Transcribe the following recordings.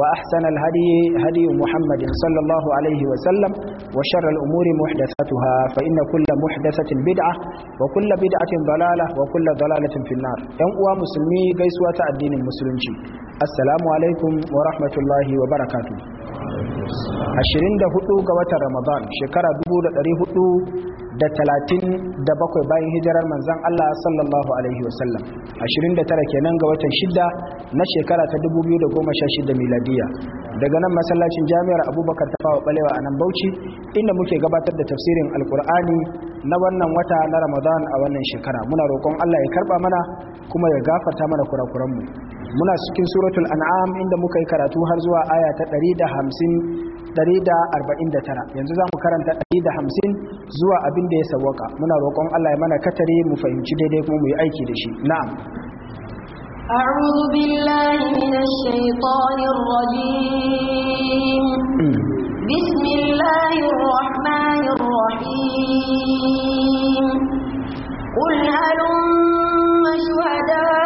وأحسن الهدي هدي محمد صلى الله عليه وسلم وشر الأمور محدثاتها فإن كل محدثة بدعة وكل بدعة ضلالة وكل ضلالة في النار ينقوى مسلمي قيسوة الدين المسلمين السلام عليكم ورحمة الله وبركاته 24 ga watan Ramadan shekara 1400 da talatin da bakwai bayan hijirar manzan Allah sallallahu Alaihi wasallam 29 kenan ga watan shidda na shekara ta 2016 miladiya daga nan masallacin jami'ar abubakar ta fawa balewa a nan bauchi inda muke gabatar da tafsirin alkur'ani na wannan wata na ramadan a wannan shekara muna roƙon Allah ya karɓa mana kuma ya gafarta mana kurakuranmu muna cikin suratul an'am inda muka yi karatu har zuwa aya ta 150 149 yanzu za mu karanta 150 zuwa abin da ya sawwaka muna roƙon Allah ya mana katare mu fahimci daidai kuma mu yi aiki da shi na'am أعوذ بالله من الشيطان الرجيم بسم الله الرحمن الرحيم قل هلم شهداء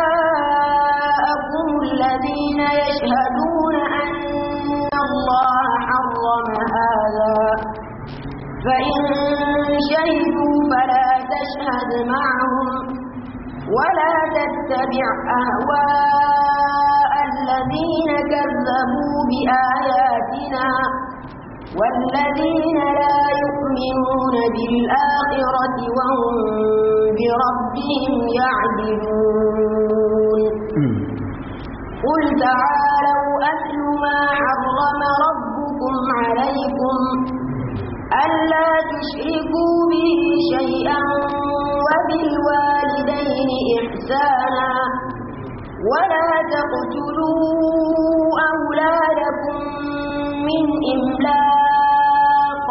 هذا فإن شهدوا فلا تشهد معهم ولا تتبع أهواء الذين كذبوا بآياتنا والذين لا يؤمنون بالآخرة وهم بربهم يعدلون قل تعالوا أتل ما حرم ربكم لكم عليكم ألا تشركوا به شيئا وبالوالدين إحسانا ولا تقتلوا أولادكم من إملاق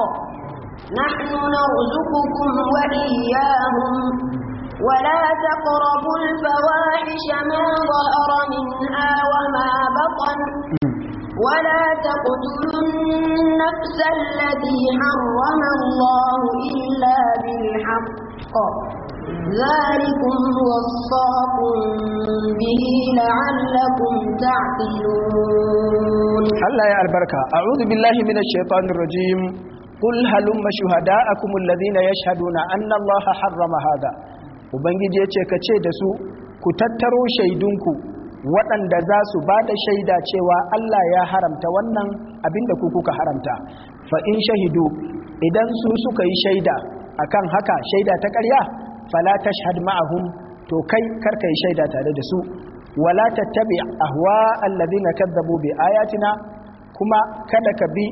نحن نرزقكم وإياهم ولا تقربوا الفواحش ما ظهر منها وما بطن ولا تقتلوا النفس التي حرم الله إلا بالحق ذلكم وصاكم به لعلكم تعقلون الله يا البركة أعوذ بالله من الشيطان الرجيم قل هلم شهداءكم الذين يشهدون أن الله حرم هذا Ubangiji ya ce, Ka ce da su, ku tattaro shaidunku waɗanda za su ba da shaida cewa Allah ya haramta wannan abinda ku kuka haramta fa in shahidu idan su suka yi shaida akan haka shaida ta ƙarya fala tashhad ma'ahum to kai karka yi shaida tare da su wala tattabi ahwa alladhina kadzabu bi ayatina kuma kada ka bi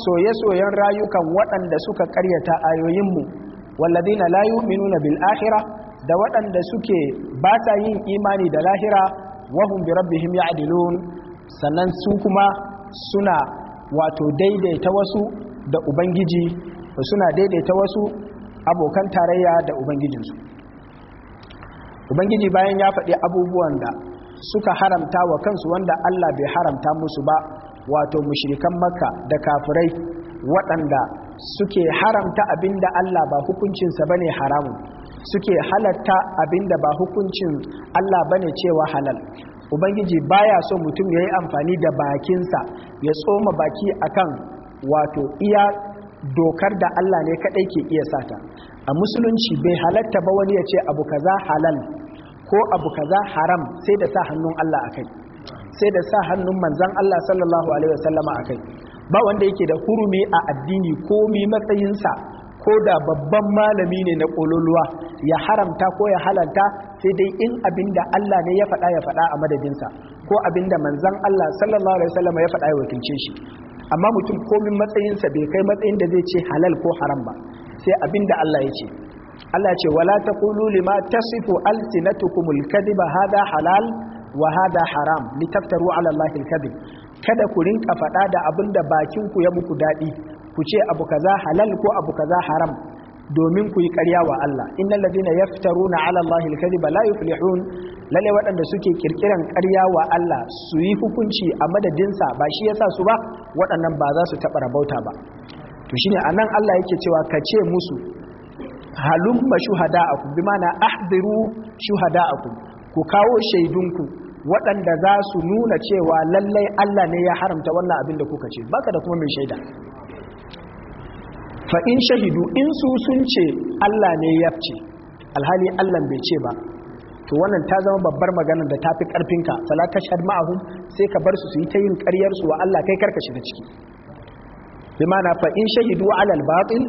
soye-soyen rayukan waɗanda suka ƙaryata ayoyinmu walladhina la yu'minuna bil akhirah da waɗanda suke ba ta yin imani da lahira wahum bi rabbihim ya'dilun sannan su kuma suna wato daidaita wasu da ubangiji suna daidaita wasu abokan tarayya da ubangijinsu ubangiji bayan ya faɗi abubuwan da suka haramta wa kansu wanda Allah bai haramta musu ba wato mushrikan makka da kafirai waɗanda suke haramta abinda Allah ba hukuncinsa bane haramun suke halatta abinda ba hukuncin Allah bane cewa halal ubangiji baya so mutum ya yi amfani da bakinsa ya tsoma baki akan wato iya dokar da Allah ne kadai ke iya sata a musulunci bai halatta ba wani ya ce abu kaza halal ko abu kaza haram sai da sa hannun Allah akai sai da sa hannun manzon Allah sallallahu alaihi wasallama akai ba wanda yake da hurumi a addini komi matsayinsa ko da babban malami ne na ƙololuwa ya haramta ko ya halanta sai dai in abinda Allah ne ya faɗa ya faɗa a madadinsa ko abinda da manzan Allah sallallahu alaihi wasallam ya faɗa ya wakilce shi amma mutum komin matsayinsa bai kai matsayin da zai ce halal ko haram ba sai abinda Allah ya ce Allah ce wala taqulu lima tasifu alsinatukumul kadhiba hada halal wa hada haram litaftaru ala allahi alkadhib kada ku rinka faɗa da abin da bakin ku ya muku daɗi ku ce abu kaza halal ko abu kaza haram domin ku yi ƙarya wa Allah innal ladina yaftaruna ala Allahi al-kadhiba la yuflihun lalle waɗanda suke kirkiran ƙarya wa Allah su yi hukunci a madadinsa ba shi yasa su ba waɗannan ba za su taɓa rabauta ba to shine anan Allah yake cewa ka ce musu halum ba shuhada'akum bi mana ahdiru shuhada'akum ku kawo shaidunku waɗanda za su nuna cewa lallai Allah ne ya haramta wannan abin da kuka ce baka da kuma mai shaida fa in shahidu in su sun ce Allah ne ya ce alhali Allah bai ce ba to wannan ta zama babbar magana da tafi karfinka fala tashhad ma'ahum sai ka bar su su yi ta yin ƙaryar su wa Allah kai karka shiga ciki bi ma'ana fa in shahidu ala al-batil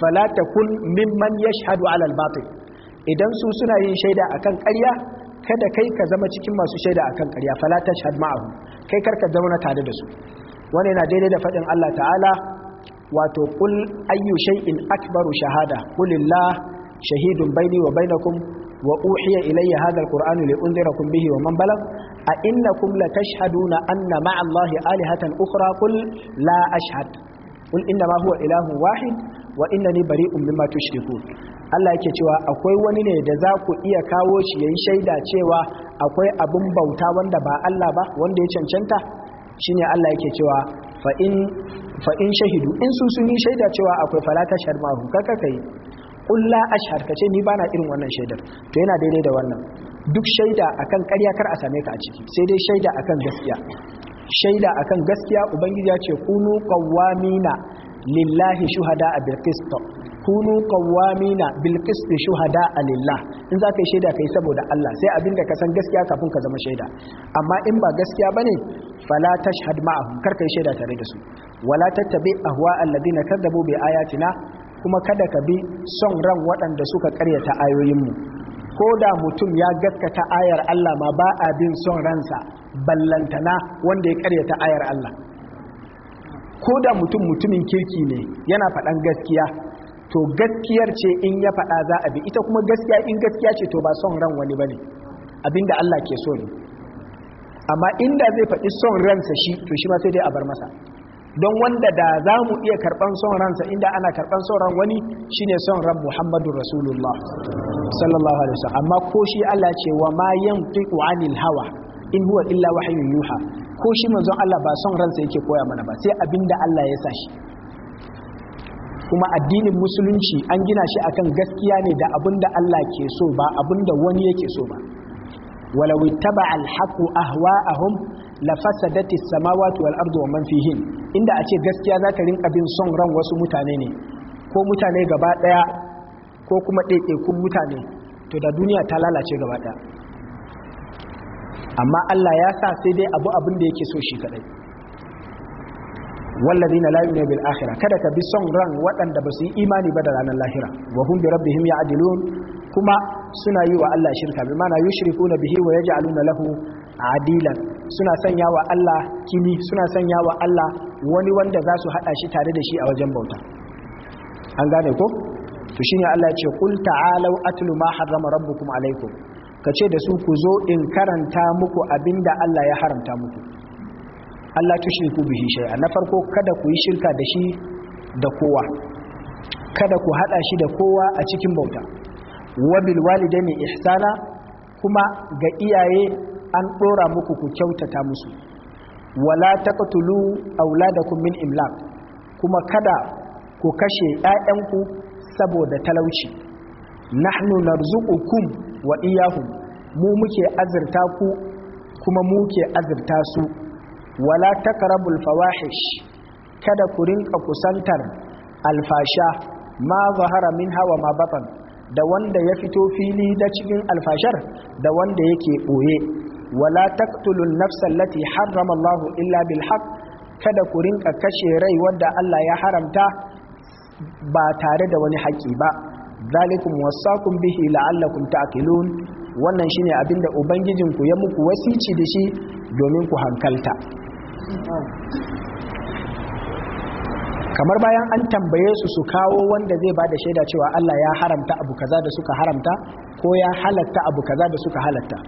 fala takun mimman yashhadu ala al-batil idan su suna yin shaida akan ƙarya kada kai ka zama cikin masu shaida akan ƙarya fala tashhad ma'ahum kai karka zauna tare da su wannan yana daidai da faɗin Allah ta'ala wato kul ayyu shay'in akbaru shahada kulillah shahidun baini wa bainakum wa uhiya ilayya hadha alqur'anu li unzirakum bihi wa man balag a innakum latashhaduna anna ma'a allahi alihatan ukhra qul la ashhad qul innama huwa ilahu wahid wa innani bari'un mimma tushrikun Allah yake cewa akwai wani ne da za ku iya kawo shi yayin shaida cewa akwai abin bauta wanda ba Allah ba wanda ya cancanta shine Allah yake cewa fa in fa in shahidu in sun sun yi shaida cewa akwai falata shahar mahu kaka kai kulla ashhar ka ni bana irin wannan shaidar to yana daidai da wannan duk shaida akan ƙarya kar a same ka a ciki sai dai shaida akan gaskiya shaida akan gaskiya ubangiji ya ce kunu qawwamina lillahi shuhada bil qist kunu qawwamina bil qist shuhada lillah in zaka yi shaida kai saboda Allah sai abinda ka san gaskiya kafin ka zama shaida amma in ba gaskiya bane fala tashhad ma'ahum karka yi shaida tare da su wala tattabi ahwa alladhina kadzabu bi ayatina kuma kada ka bi son ran waɗanda suka karyata ayoyinmu ko da mutum ya gaskata ayar Allah ma ba a bin son ransa ballantana wanda ya karyata ayar Allah ko da mutum mutumin kirki ne yana faɗan gaskiya to gaskiyar ce in ya faɗa za a bi ita kuma gaskiya in gaskiya ce to ba son ran wani bane abinda Allah ke so ne amma inda zai faɗi son ransa shi to shi ma sai dai a bar masa don wanda da za mu iya karɓan son ransa inda ana karɓan son ran wani shine son ran muhammadu rasulullah sallallahu alaihi wasallam amma ko shi Allah ce wa ma yantiqu anil hawa in huwa illa wahyun yuha ko shi manzon Allah ba son ransa yake koya mana ba sai abinda Allah ya sa shi kuma addinin musulunci an gina shi akan gaskiya ne da abinda Allah ke so ba abinda wani yake so ba ولو اتبع الحق أهواءهم لفسدت السماوات والأرض ومن فيهن inda a ce gaskiya za ta rinka bin son ran wasu mutane ne ko mutane gaba daya ko kuma ɗaiɗaikun mutane to da duniya ta lalace gaba daya amma Allah ya sa sai dai abu abin da yake so shi kadai walladina la yu'minu bil akhirah kada ka bi son ran waɗanda ba su yi imani ba da ranar lahira wa hum bi rabbihim kuma suna yi wa Allah shirka bi mana yushrikuna bihi wa yaj'aluna lahu adilan suna sanya wa Allah kini suna sanya Allah wani wanda za su hada shi tare da shi a wajen bauta an gane ko to shine Allah ya ce qul ta'alu atlu ma harrama rabbukum alaykum kace da su ku zo in karanta muku abinda Allah ya haramta muku Allah tushe ku bi shi shay'a na farko kada ku yi shirka da shi da kowa kada ku hada shi da kowa a cikin bauta wa bil walidaini ihsana kuma ga iyaye an dora muku ku kyautata musu wala taqtulu auladakum min imlaq kuma kada ku kashe ƴaƴanku saboda talauci nahnu narzuqukum wa iyahum mu muke azurta ku kuma muke azurta su wala taqrabul fawahish kada ku rinka kusantar alfasha ma zahara minha ma batan da wanda ya fito fili da cikin alfashar da wanda yake ɓoye. wala taqtulun nafsal lati harrama Allah illa bil haqq kada ku rinka kashe rai wanda Allah ya haramta ba tare da wani haƙi ba zalikum wasakum bihi la'allakum ta'qilun wannan shine abinda ubangijinku ya muku wasici da shi domin ku hankalta kamar bayan an tambaye su su kawo wanda zai ba da shaida cewa Allah ya haramta abu kaza da suka haramta ko ya halatta abu kaza da suka halatta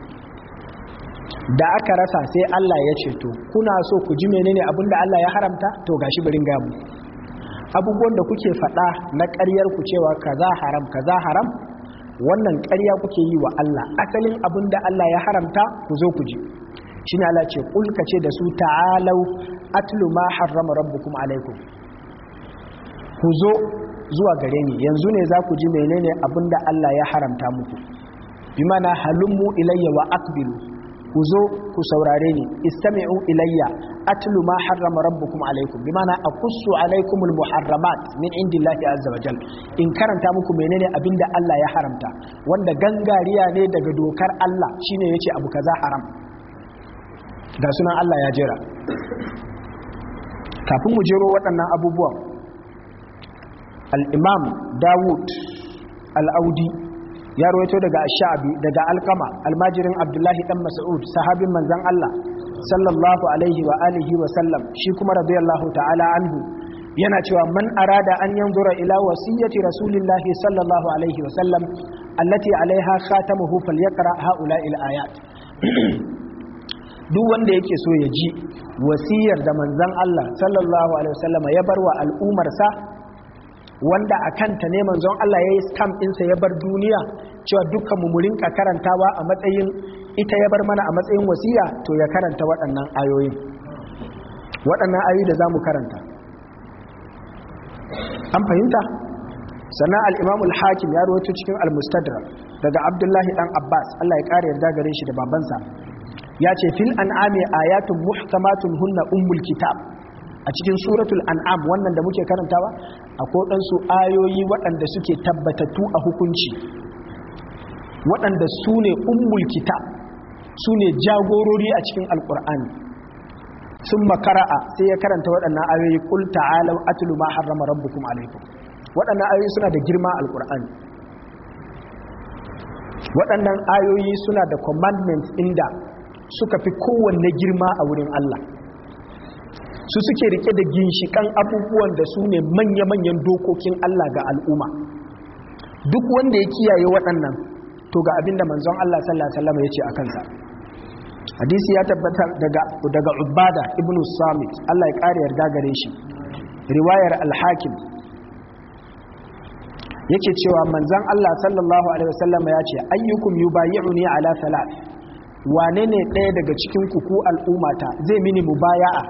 da aka rasa sai Allah ya ce to kuna so ku ji menene abinda Allah ya haramta to gashi birin gamu abubuwan da kuke faɗa na ƙaryar ku cewa kaza haram kaza haram wannan ƙarya kuke yi wa Allah asalin abinda Allah ya haramta ku zo ku ji shine ala ce kul kace da su ta'alau atlu ma harrama rabbukum alaikum ku zo zuwa gare ni yanzu ne za ku ji menene abinda Allah ya haramta muku bi mana halummu ilayya wa aqbilu ku zo ku saurare ni istami'u ilayya atlu ma harrama rabbukum alaikum bi mana aqussu alaikum almuharramat min indillahi azza wa jalla in karanta muku menene abinda Allah ya haramta wanda gangariya ne daga dokar Allah shine yace abu kaza haram ga sunan Allah ya jera kafin mu jero waɗannan abubuwan al'imam dawud al'audi ya rawaito daga sha'abi daga alkama almajirin abdullahi ɗan mas'ud sahabin manzan Allah sallallahu alaihi wa alihi wa sallam shi kuma radiyallahu ta'ala anhu yana cewa man arada an yanzura ila wasiyyati rasulillahi sallallahu alaihi wa sallam allati alaiha khatamuhu falyaqra haula al ayat duk wanda yake so ya ji wasiyar da manzan Allah sallallahu alaihi wasallam ya bar wa al'umarsa wanda a kanta ne manzon Allah ya yi stamp ɗinsa ya bar duniya cewa dukkan mu rinka karantawa a matsayin ita ya bar mana a matsayin wasiya to ya karanta waɗannan ayoyin waɗannan ayoyi da zamu karanta an fahimta sannan al'imam al-hakim ya rawaito cikin al-mustadra daga abdullahi dan abbas allah ya kare yarda gare shi da babansa ya ce fil an'ami ayatun muhkamatun hunna ummul kitab a cikin suratul an'am wannan da muke karantawa akwai su ayoyi waɗanda suke tabbatattu a hukunci waɗanda su ne ummul kitab su ne jagorori a cikin alƙur'ani sun makara'a sai ya karanta waɗannan ayoyi kul ta'alau atlu ma harrama rabbukum alaikum waɗannan ayoyi suna da girma alƙur'ani waɗannan ayoyi suna da commandments inda suka fi kowanne girma a wurin Allah su suke rike da ginshikan abubuwan da su ne manya-manyan dokokin Allah ga al'umma duk wanda ya kiyaye waɗannan to ga abinda manzon Allah sallallahu alaihi wasallam ya ce a kansa hadisi ya tabbata daga Ubada ibn Samit Allah ya kare yarda gare shi riwayar al-Hakim yake cewa manzon Allah sallallahu alaihi wasallam ya ce ayyukum yubayyi'uni ala wane ne ɗaya daga cikin kuku al'ummata zai mini mubaya'a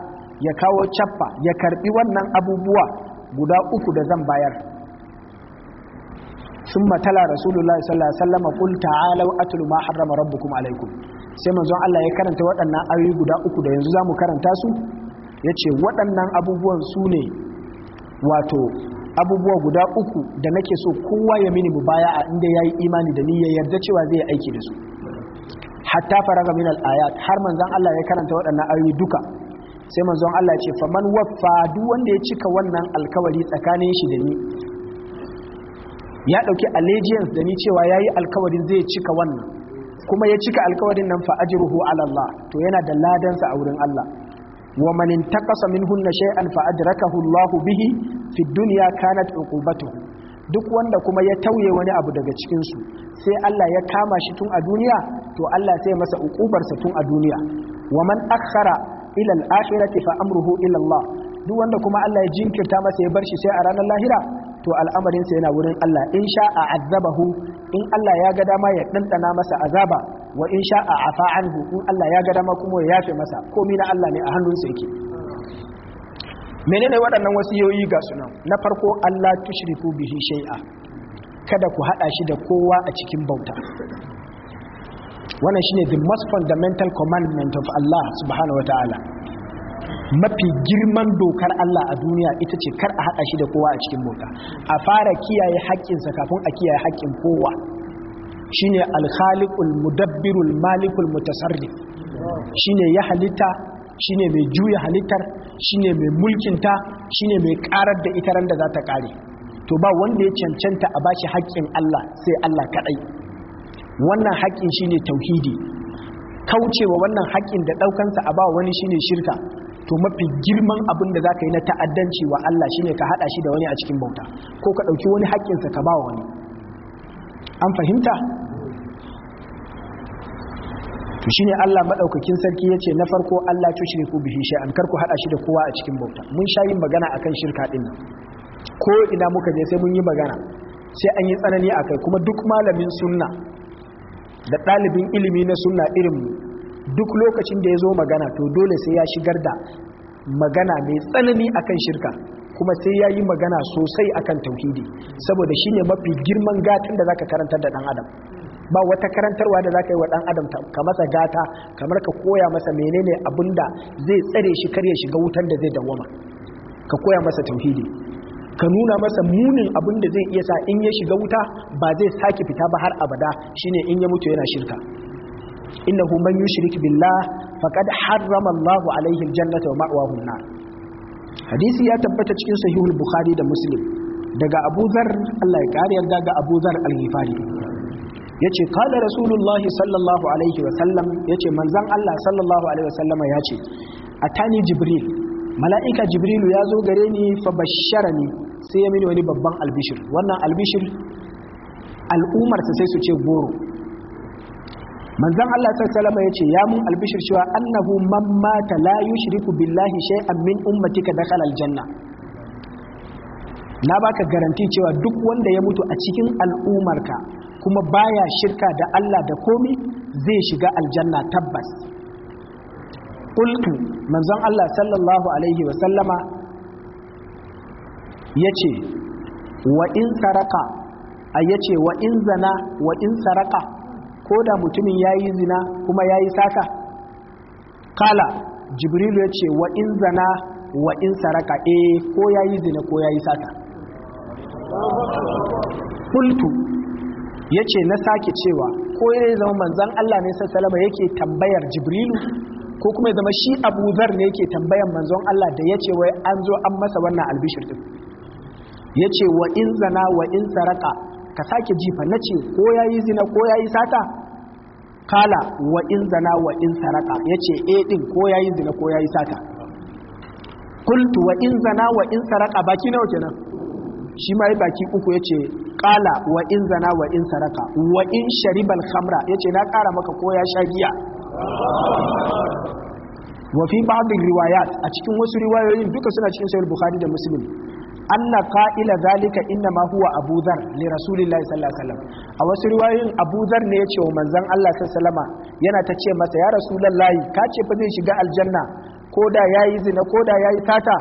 ya kawo cappa ya karbi wannan abubuwa guda uku da zan bayar sun matala rasulullah sallallahu sallama wasallam qul ma harrama rabbukum alaikum sai manzon Allah ya karanta waɗannan ayoyi guda uku da yanzu zamu karanta su yace waɗannan abubuwan su ne wato abubuwa guda uku da nake so kowa ya mini mubaya'a inda yayi imani da ni ya yarda cewa zai aiki da su hatta faraga min al-ayat har manzon Allah ya karanta waɗannan ayoyi duka sai manzon Allah ya ce faman waffa duk wanda ya cika wannan alkawari tsakanin shi da ni ya dauki allegiance da ni cewa yayi alkawarin zai cika wannan kuma ya cika alkawarin nan fa ajruhu ala Allah to yana da ladansa a wurin Allah wa man intaqasa minhunna shay'an fa adrakahu Allah bihi fi dunya kanat uqubatuhu duk wanda kuma ya tauye wani abu daga cikinsu sai Allah ya kama shi tun a duniya to Allah sai masa ukubarsa tun a duniya wa man akhara ila al-akhirati fa amruhu ila Allah duk wanda kuma Allah ya jinkirta masa ya bar shi sai a ranar lahira to al'amarinsa yana wurin Allah in sha a azabahu in Allah ya ga dama ya ɗanɗana masa azaba wa in sha a afa anhu in Allah ya ga dama kuma ya yafe masa komai na Allah ne a hannunsa yake menene waɗannan wasu wasiyoyi ga sunan na farko Allah tushriku bihi shai'a kada ku haɗa shi da kowa a cikin bauta wannan shine the most fundamental commandment of Allah subhanahu wa ta'ala mafi girman dokar Allah a duniya ita ce kar a haɗa shi da kowa a cikin bauta a fara kiyaye haƙƙinsa kafin a kiyaye haƙƙin kowa shine al-khaliqul mudabbirul malikul mutasarrif shine ya halitta shine mai juya halittar shine mai mulkinta shine mai karar da ita da za ta kare to ba wanda ya cancanta a bashi haƙƙin Allah sai Allah kaɗai. wannan haƙƙin shine tauhidi kaucewa wannan haƙƙin da ɗaukansa a ba wani shine shirka to mafi girman abin da zaka yi na ta'addanci wa Allah shine ka haɗa shi da wani a cikin bauta ko ka ɗauki wani haƙƙinsa ka ba wani an fahimta to shine Allah madaukakin sarki yace na farko Allah tushriku bihi shay'an karku hada shi da kowa a cikin bauta mun sha yin magana akan shirka din ko ina muka je sai mun yi magana sai an yi tsanani akai kuma duk malamin sunna da ɗalibin ilimi na sunna irin duk lokacin da ya zo magana to dole sai ya shigar da magana mai tsanani akan shirka kuma sai ya yi magana sosai akan tauhidi saboda shine mafi girman gatin da zaka karantar da ɗan adam ba wata karantarwa da za ka yi wa dan adam ka masa gata kamar ka koya masa menene da zai tsare shi kar shiga wutar da zai dawwama ka koya masa tauhidi ka nuna masa munin abin da zai iya sa in ya shiga wuta ba zai sake fita ba har abada shine in ya mutu yana shirka innahu man yushrik billah faqad harrama Allah alaihi aljannata wa ma'wahu an-nar hadisi ya tabbata cikin sahihul bukhari da muslim daga abuzar Dharr Allah ya kare yarda ya ce kada rasulullahi sallallahu alaihi wasallam ya ce manzan Allah sallallahu alaihi wasallama ya ce a tani jibril mala'ika jibrilu ya zo gare ni fa bashara ni sai ya mini wani babban albishir wannan albishir al'umarsa sai su ce goro manzan Allah sallallahu ya ce ya mun albishir cewa annahu man mata la yushriku billahi shay'an min ummatika dakhala janna. na baka garanti cewa duk wanda ya mutu a cikin al'umarka kuma baya shirka da Allah da komi zai shiga aljanna tabbas qultu manzon Allah sallallahu alaihi wa sallama yace wa in saraka a yace wa in zana wa in saraka ko da mutumin yayi zina kuma yayi saka kala jibril yace wa in zana wa in saraka eh ko yayi zina ko yayi saka qultu ya ce na sake cewa ko ya zama manzan Allah ne sassalama yake tambayar jibrilu ko kuma ya zama shi abu zar ne yake tambayar manzan Allah da ya ce wai an zo an masa wannan albishir din ya ce wa in zana wa in saraka ka sake jifa na ce ko ya yi zina ko ya yi sata kala wa in zana wa in saraka ya ce e eh din ko ya yi zina ko ya yi sata kultu wa in zana wa in saraka baki nawa kenan shi ma yi baki uku ya ce qala wa in zana wa in saraka wa in sharibal khamra yace na kara maka ko ya sha giya wa fi ba'd riwayat a cikin wasu riwayoyin duka suna cikin sahih bukhari da muslim anna qa'ila zalika inna ma huwa abu dhar li rasulillahi sallallahu alaihi wasallam a wasu riwayoyin abu dhar ne yace wa manzon Allah sallallahu alaihi yana ta ce masa ya rasulullahi ka ce fa zai shiga aljanna koda yayi zina koda yayi tata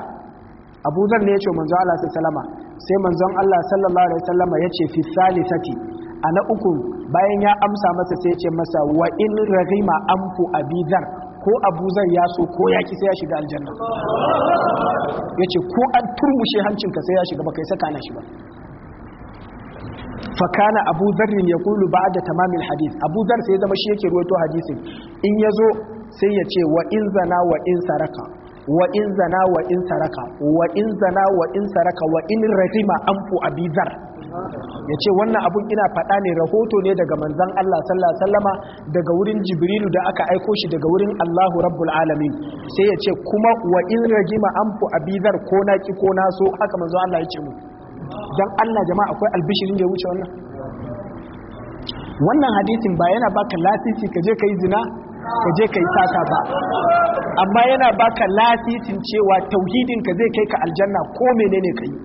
abu dhar ne yace wa manzon Allah sallallahu alaihi sai manzon Allah sallallahu alaihi wasallam ya ce fi salisati a na uku bayan ya amsa masa sai ya ce masa wa in ragima amfu abizar ko abuzar ya so ko ya ki sai ya shiga aljanna yace ko an turmushe hancinka sai ya shiga baka saka na shi ba fakana abu zarrin ya kulu ba da tamamin hadis abu zar sai zama shi yake ruwaito hadisin in ya zo sai ya ce wa in zana wa in saraka wa in zana wa in saraka wa in zana wa in saraka wa in rahima anfu abizar yace wannan abun ina faɗa ne rahoto ne daga manzon Allah sallallahu alaihi wasallama daga wurin jibrilu da aka aiko shi daga wurin Allahu rabbul alamin sai yace kuma wa in rajima anfu abizar ko na ki ko na so haka manzon Allah yace mu dan Allah jama'a akwai albishirin da ya wuce wannan wannan hadisin ba yana baka lasisi ka je ka yi zina ka je ka yi sata ba amma yana baka lasisin cewa tauhidin ka zai kai ka aljanna ko menene ka yi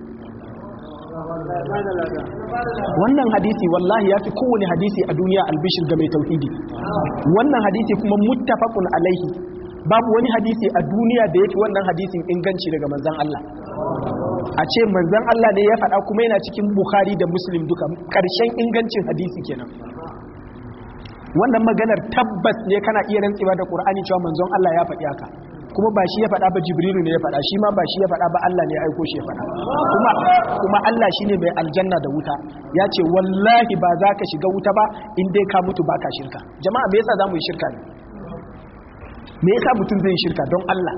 wannan hadisi wallahi ya fi kowane hadisi a duniya albishir ga mai tauhidi wannan hadisi kuma muttafaqun alaihi babu wani hadisi a duniya da yake wannan hadisin inganci daga manzan Allah a ce manzan Allah ne ya faɗa kuma yana cikin Bukhari da Muslim duka ƙarshen ingancin hadisi kenan wannan maganar tabbas ne kana iya rantsewa da qur'ani cewa manzon Allah ya faɗi aka, kuma ba shi ya faɗa ba jibrilu ne ya faɗa shi ma ba shi ya faɗa ba Allah ne ya aiko shi ya faɗa kuma kuma Allah shine mai aljanna da wuta ya ce wallahi ba za ka shiga wuta ba in dai ka mutu ba ka shirka jama'a me yasa za mu yi shirka ne me yasa mutum zai yi shirka don Allah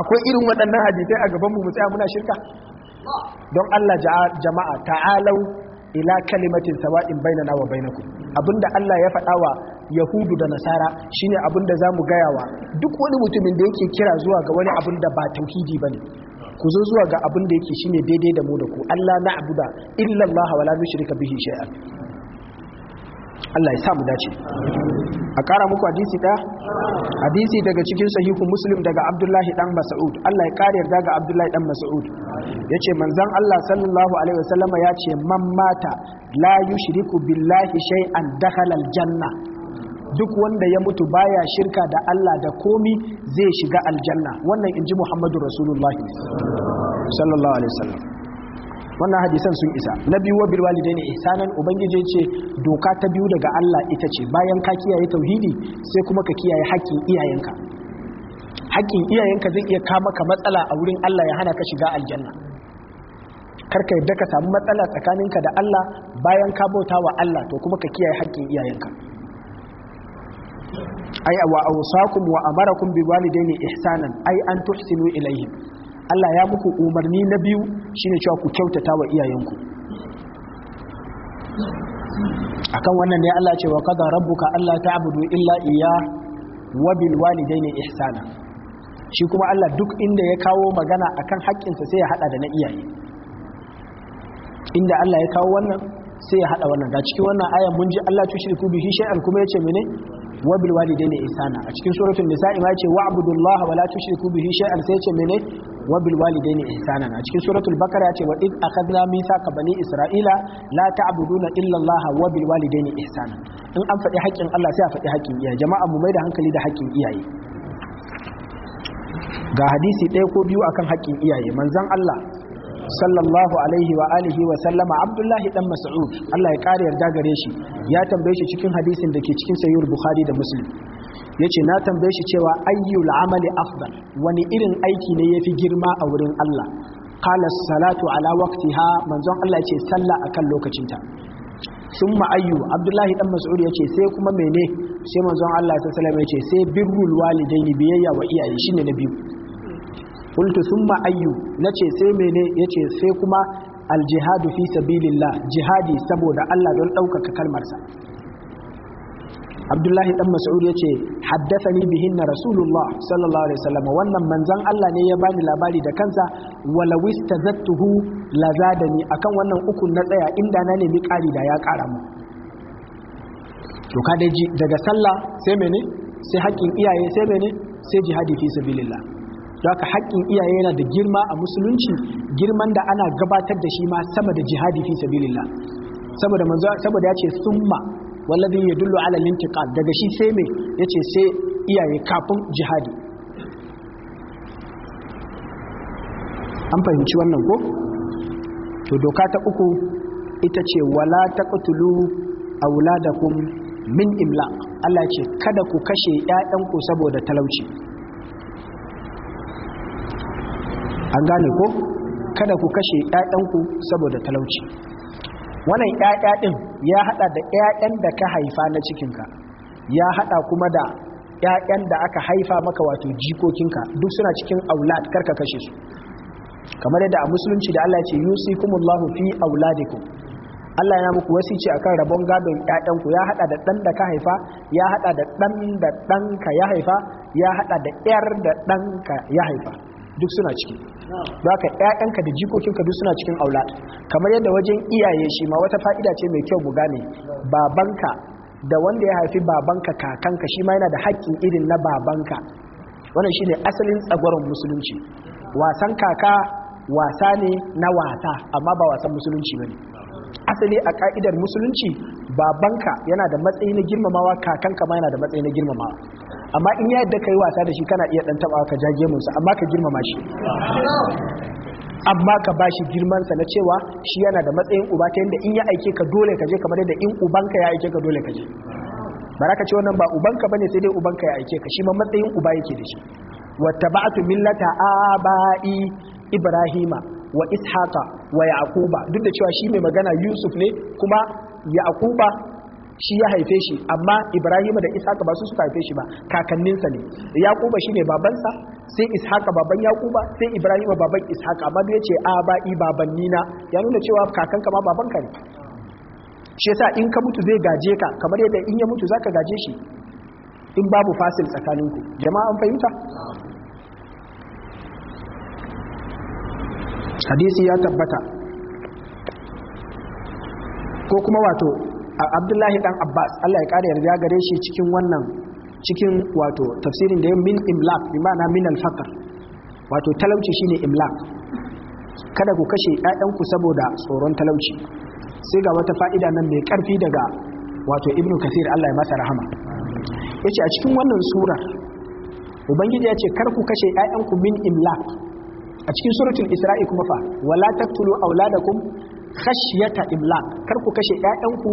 akwai irin waɗannan hadisai a gaban mu mu tsaya muna shirka don Allah jama'a ta'alau ila kalimatin sawa'in bainana wa bainakum abinda Allah ya faɗa wa yahudu da nasara shine abinda mu gaya wa duk wani mutumin da yake kira zuwa ga wani abin da ba tauhidi bane ku zo zuwa ga abin da yake shine daidai da mu da ku Allah na abuda illa Allah wala nushrika bihi shay'an Allah ya samu dace a ƙara muku hadisi ɗaya hadisi daga cikin sahihu muslim daga abdullahi dan mas'ud Allah ya ƙara yarda ga abdullahi dan mas'ud ya ce manzan Allah sallallahu alaihi wasallama ya ce man mata la shiriku billahi shay'an dakhala aljanna duk wanda ya mutu baya shirka da Allah da komi zai shiga aljanna wannan inji Muhammadu Rasulullahi sallallahu alaihi wasallam wannan hadisan sun isa na biyu wa ne ihsanan ubangiji ce doka ta biyu daga Allah ita ce bayan ka kiyaye tauhidi sai kuma ka kiyaye haƙƙin iyayenka haƙƙin iyayenka zai iya kama ka matsala a wurin Allah ya hana ka shiga aljanna ka yadda ka samu matsala tsakaninka da Allah bayan ka bauta wa Allah to kuma ka kiyaye haƙƙin iyayenka ai wa awsakum wa amarakum biwalidaini ihsanan ai an tuhsinu ilaihim Allah ya muku umarni na biyu shine cewa ku kyautata wa iyayenku akan wannan ne Allah ce wa qada rabbuka alla ta'budu illa iya wa bil walidayni ihsana shi kuma Allah duk inda ya kawo magana akan haƙƙinsa sai ya hada da na iyaye inda Allah ya kawo wannan sai ya hada wannan da cikin wannan aya mun ji Allah tushriku bihi shay'an kuma yace mene wa bil walidaini ihsana a cikin suratul nisa ma yace wa'budullaha wa la tushriku bihi shay'an sai yace mene wa bil walidaini ihsanan a cikin suratul bakara ce wa id akhadna mithaqa bani isra'ila la ta'buduna illa allaha wa bil walidaini ihsanan in an faɗi haƙƙin Allah sai a faɗi haƙƙin iyaye jama'a mu da hankali da haƙƙin iyaye ga hadisi ɗaya ko biyu akan haƙƙin iyaye manzon Allah sallallahu alaihi wa alihi wa sallama abdullahi dan mas'ud Allah ya kare yarda gare shi ya tambaye shi cikin hadisin da ke cikin sahih bukhari da muslim yace na tambaye shi cewa ayyul amali afdal wani irin aiki ne yafi girma a wurin Allah Kala salatu ala waqtiha manzon Allah yace sallah akan lokacinta summa ayyu abdullahi dan mas'ud ce sai kuma mene sai manzon Allah sallallahu alaihi ya ce sai birrul walidaini biyayya wa iyaye shine na biyu sun summa ayyu ce sai mene ce sai kuma aljihadu fi sabilillah jihadi saboda Allah don ɗaukaka kalmarsa abdullahi dan mas'ud yace haddathani bihinna rasulullah sallallahu alaihi wasallam wannan manzon Allah ne ya bani labari da kansa wala wistazattuhu lazadani akan wannan ukun na tsaya inda na nemi kari da ya kara mu to ka ji daga sallah sai mene sai haƙƙin iyaye sai mene sai jihadi fi sabilillah haka haƙƙin iyaye yana da girma a musulunci girman da ana gabatar da shi ma sama da jihadi fi sabilillah saboda manzo saboda ya ce summa ya dullo ala lintiqal daga shi sai me yace sai iyaye kafin jihadi an fahimci wannan ko to doka ta uku ita ce wala taqtulu auladakum min imla Allah ce kada ku kashe ku saboda talauci an gane ko kada ku kashe 'ya'yanku saboda talauci wannan ƴaƴa din ya hada da ƴaƴan da ka haifa na cikinka ya hada kuma da ƴaƴan da aka haifa maka wato jikokin ka duk suna cikin aulad karka kashe su kamar yadda a musulunci da Allah ya ce yusikumullahu fi auladikum Allah yana muku wasici akan rabon gadon ku ya hada da dan da ka haifa ya hada da dan da ka ya haifa ya hada da ƴar da ka ya haifa duk suna ciki za ka ƴaƴanka da jikokinka duk suna cikin aulad kamar yadda wajen iyaye shi ma wata fa'ida ce mai kyau buga ne babanka da wanda ya haifi babanka kakanka shi ma yana da haƙƙin irin na babanka wannan shine asalin tsagwaron musulunci wasan kaka wasa ne na wasa amma ba wasan musulunci bane asali a ka'idar musulunci babanka yana da matsayi na girmamawa kakanka ma yana da matsayi na girmamawa amma in ya yadda kai wasa da shi kana iya ɗan taba ka jage mun sa amma ka girmama shi amma ka bashi girman sa na cewa shi yana da matsayin uba ta yanda in ya aike ka dole ka je kamar yadda in ubanka ya aike ka dole ka je baraka ce wannan ba ubanka bane sai dai ubanka ya aike ka shi ma matsayin uba yake da shi wattaba'tu millata aba'i ibrahima wa ishaqa wa yaquba duk da cewa shi mai magana yusuf ne kuma yaquba shi ya haife shi amma ibrahim da ishaq ba su suka haife shi ba kakanninsa ne yaquba shine babansa sai ishaq baban yaquba sai ibrahim baban ishaq amma bai ce a ba i babanni na ya nuna cewa kakanka ma babanka ne shi yasa in ka mutu zai gaje ka kamar yadda in ya mutu zaka gaje shi in babu fasil tsakaninku jama'a an fahimta hadisi ya tabbata ko kuma wato abdullahi dan abbas allah ya kara yarda gare shi cikin wannan cikin wato tafsirin da ya min imlak bi ma'ana min faqr wato talauci shine imlak kada ku kashe ku saboda tsoron talauci sai ga wata fa'ida nan mai karfi daga wato ibnu kasir allah ya masa rahama yace a cikin wannan surar ubangiji ya ce kar ku kashe ku min imlak a cikin suratul isra'i kuma fa wala taqtulu auladakum khashyata imlak kar ku kashe ƴaƴanku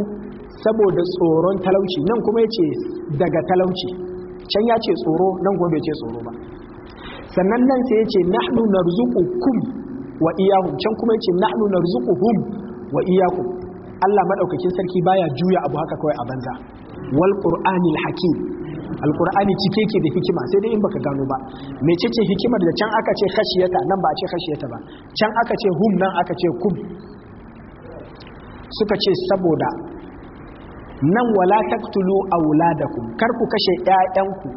saboda tsoron talauci nan kuma ya ce daga talauci can ya ce tsoro nan kuma bai ce tsoro ba sannan nan sai ya ce nahnu kum wa iyahum can kuma ya ce nahnu hum wa iyakum Allah maɗaukakin sarki baya juya abu haka kawai a banza wal qur'anil hakim Alƙur'ani cike ke da hikima sai dai in baka gano ba mecece hikimar da can aka ce khashiyata nan ba a ce khashiyata ba can aka ce hum nan aka ce kum suka ce saboda nan wala taktulu auladakum kar ku kashe ƴaƴanku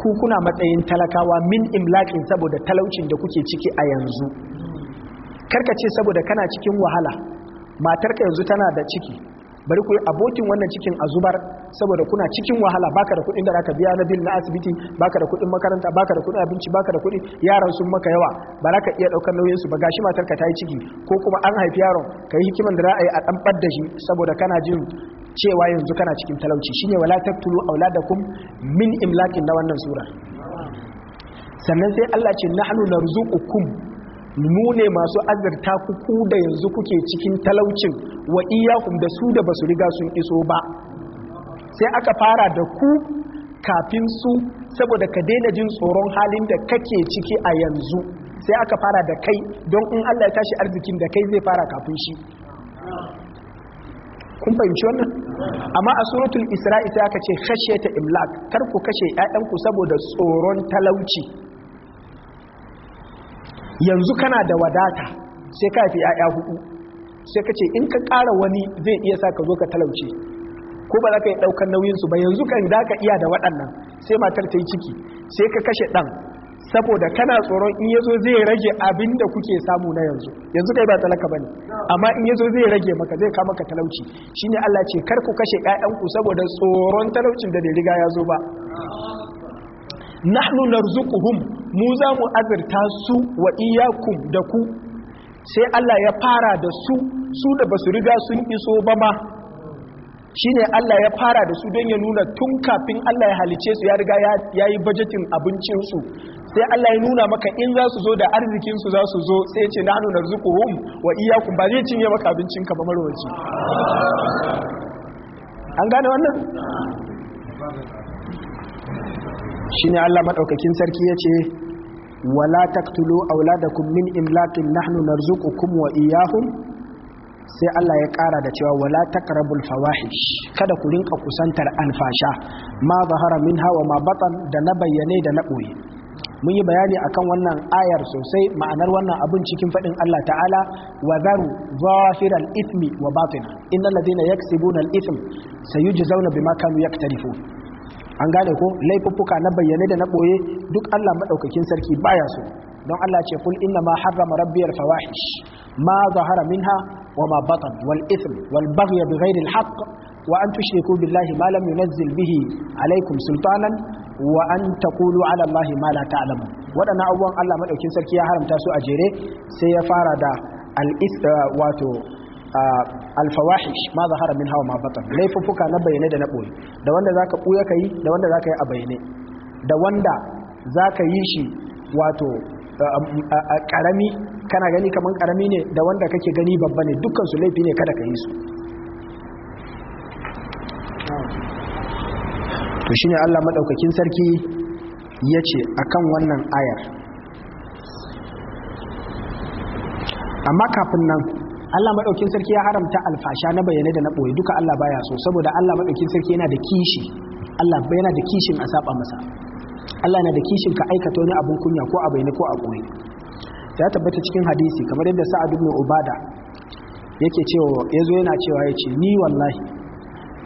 ku kuna matsayin talakawa min imlakin saboda talaucin da kuke ciki a yanzu Kar ka ce saboda kana cikin wahala matarka yanzu tana da ciki bari ku yi abokin wannan cikin a zubar saboda kuna cikin wahala baka da kuɗin da zaka biya na bil na asibiti baka da kuɗin makaranta baka da kuɗin abinci baka da kuɗi yaran sun maka yawa ba za ka iya ɗaukar nauyin su ba gashi matarka ta yi ciki ko kuma an haifi yaron ka yi hikiman da za a yi a ɗan ɓadda shi saboda kana jin cewa yanzu kana cikin talauci shine wala taqtulu auladakum min imlakin na wannan sura sannan sai Allah ce nahnu narzuqukum mu ne masu azurta ku da yanzu kuke cikin talaucin wa iyakum da su da basu riga sun iso ba sai aka fara da ku kafin su saboda ka daina jin tsoron halin da kake ciki a yanzu sai aka fara da kai don in Allah ya tashi arzikin da kai zai fara kafin shi kun fahimci wannan amma a suratul isra'i sai aka ce kashe ta imlak kar ku kashe 'ya'yanku saboda tsoron talauci yanzu kana da wadata sai ka fi ya'ya hudu sai ka ce in ka kara wani zai iya sa ka zo ka talauce ko ba za ka yi ɗaukar nauyinsu ba yanzu kan da ka iya da waɗannan sai matar ta yi ciki sai ka kashe ɗan saboda kana tsoron in yazo zai rage abin da kuke samu na yanzu yanzu kai ba talaka ba ne amma in yazo zai rage maka zai kama ka talauci shine Allah ce kar ku kashe ƴaƴanku saboda tsoron talaucin da bai riga ya zo ba nahnu narzuquhum mu za mu azurta su wa iyyakum da ku sai Allah ya fara da su su da basu riga sun iso ba ma shine Allah ya fara da su don ya nuna tun kafin Allah ya halice su ya riga ya yi bajetin abincinsu sai Allah ya nuna maka in za su zo da arzikinsu za su zo sai ce na nuna wa iyakun ba zai cinye maka ka ba marwaci an gane wannan shine Allah maɗaukakin sarki ce, wala taktulo auladakum min imlakin nahnu narzuqukum wa iyyahum sai Allah ya kara da cewa wala taqrabul fawahish kada ku rinka kusantar anfasha, ma zahara minha wa ma batan da na bayyane da na boye mun yi bayani akan wannan ayar sosai ma'anar wannan abin cikin faɗin Allah ta'ala wa zaru zafiral ithmi wa batina innal ladina yaksibuna al ithm sayujzauna bima kanu yaktarifun an gane ko laifuffuka na bayyane da na ɓoye duk Allah maɗaukakin sarki baya su. don Allah ce kul inna ma harrama rabbiyal fawahish ma zahara minha wa ma batan wal ithm wal baghy bighairi al haqq wa an tushriku billahi ma lam yunzil bihi alaykum sultanan wa an taqulu ala allahi ma la abubuwan Allah maɗaukin sarki ya haramta su a jere sai ya fara da al wato alfawahish ma zahara min hawa ma batan laifuffuka na bayyane da na boye da wanda zaka ka kai da wanda zaka yi a bayyane da wanda zaka yi shi wato karami kana gani kamar karami ne da wanda kake gani babba ne dukkan su laifi ne kada ka yi su to shine Allah madaukakin sarki yace akan wannan ayar amma kafin nan Allah Maɗaukin sarki ya haramta alfasha na bayyane da na boye duka Allah baya so saboda Allah madaukin sarki yana da kishi Allah yana da kishin a saba masa Allah yana da kishin ka aikata wani abun kunya ko a bayyane ko a boye ya tabbata cikin hadisi kamar yadda Sa'ad ibn Ubada yake cewa yazo yana cewa yace ni wallahi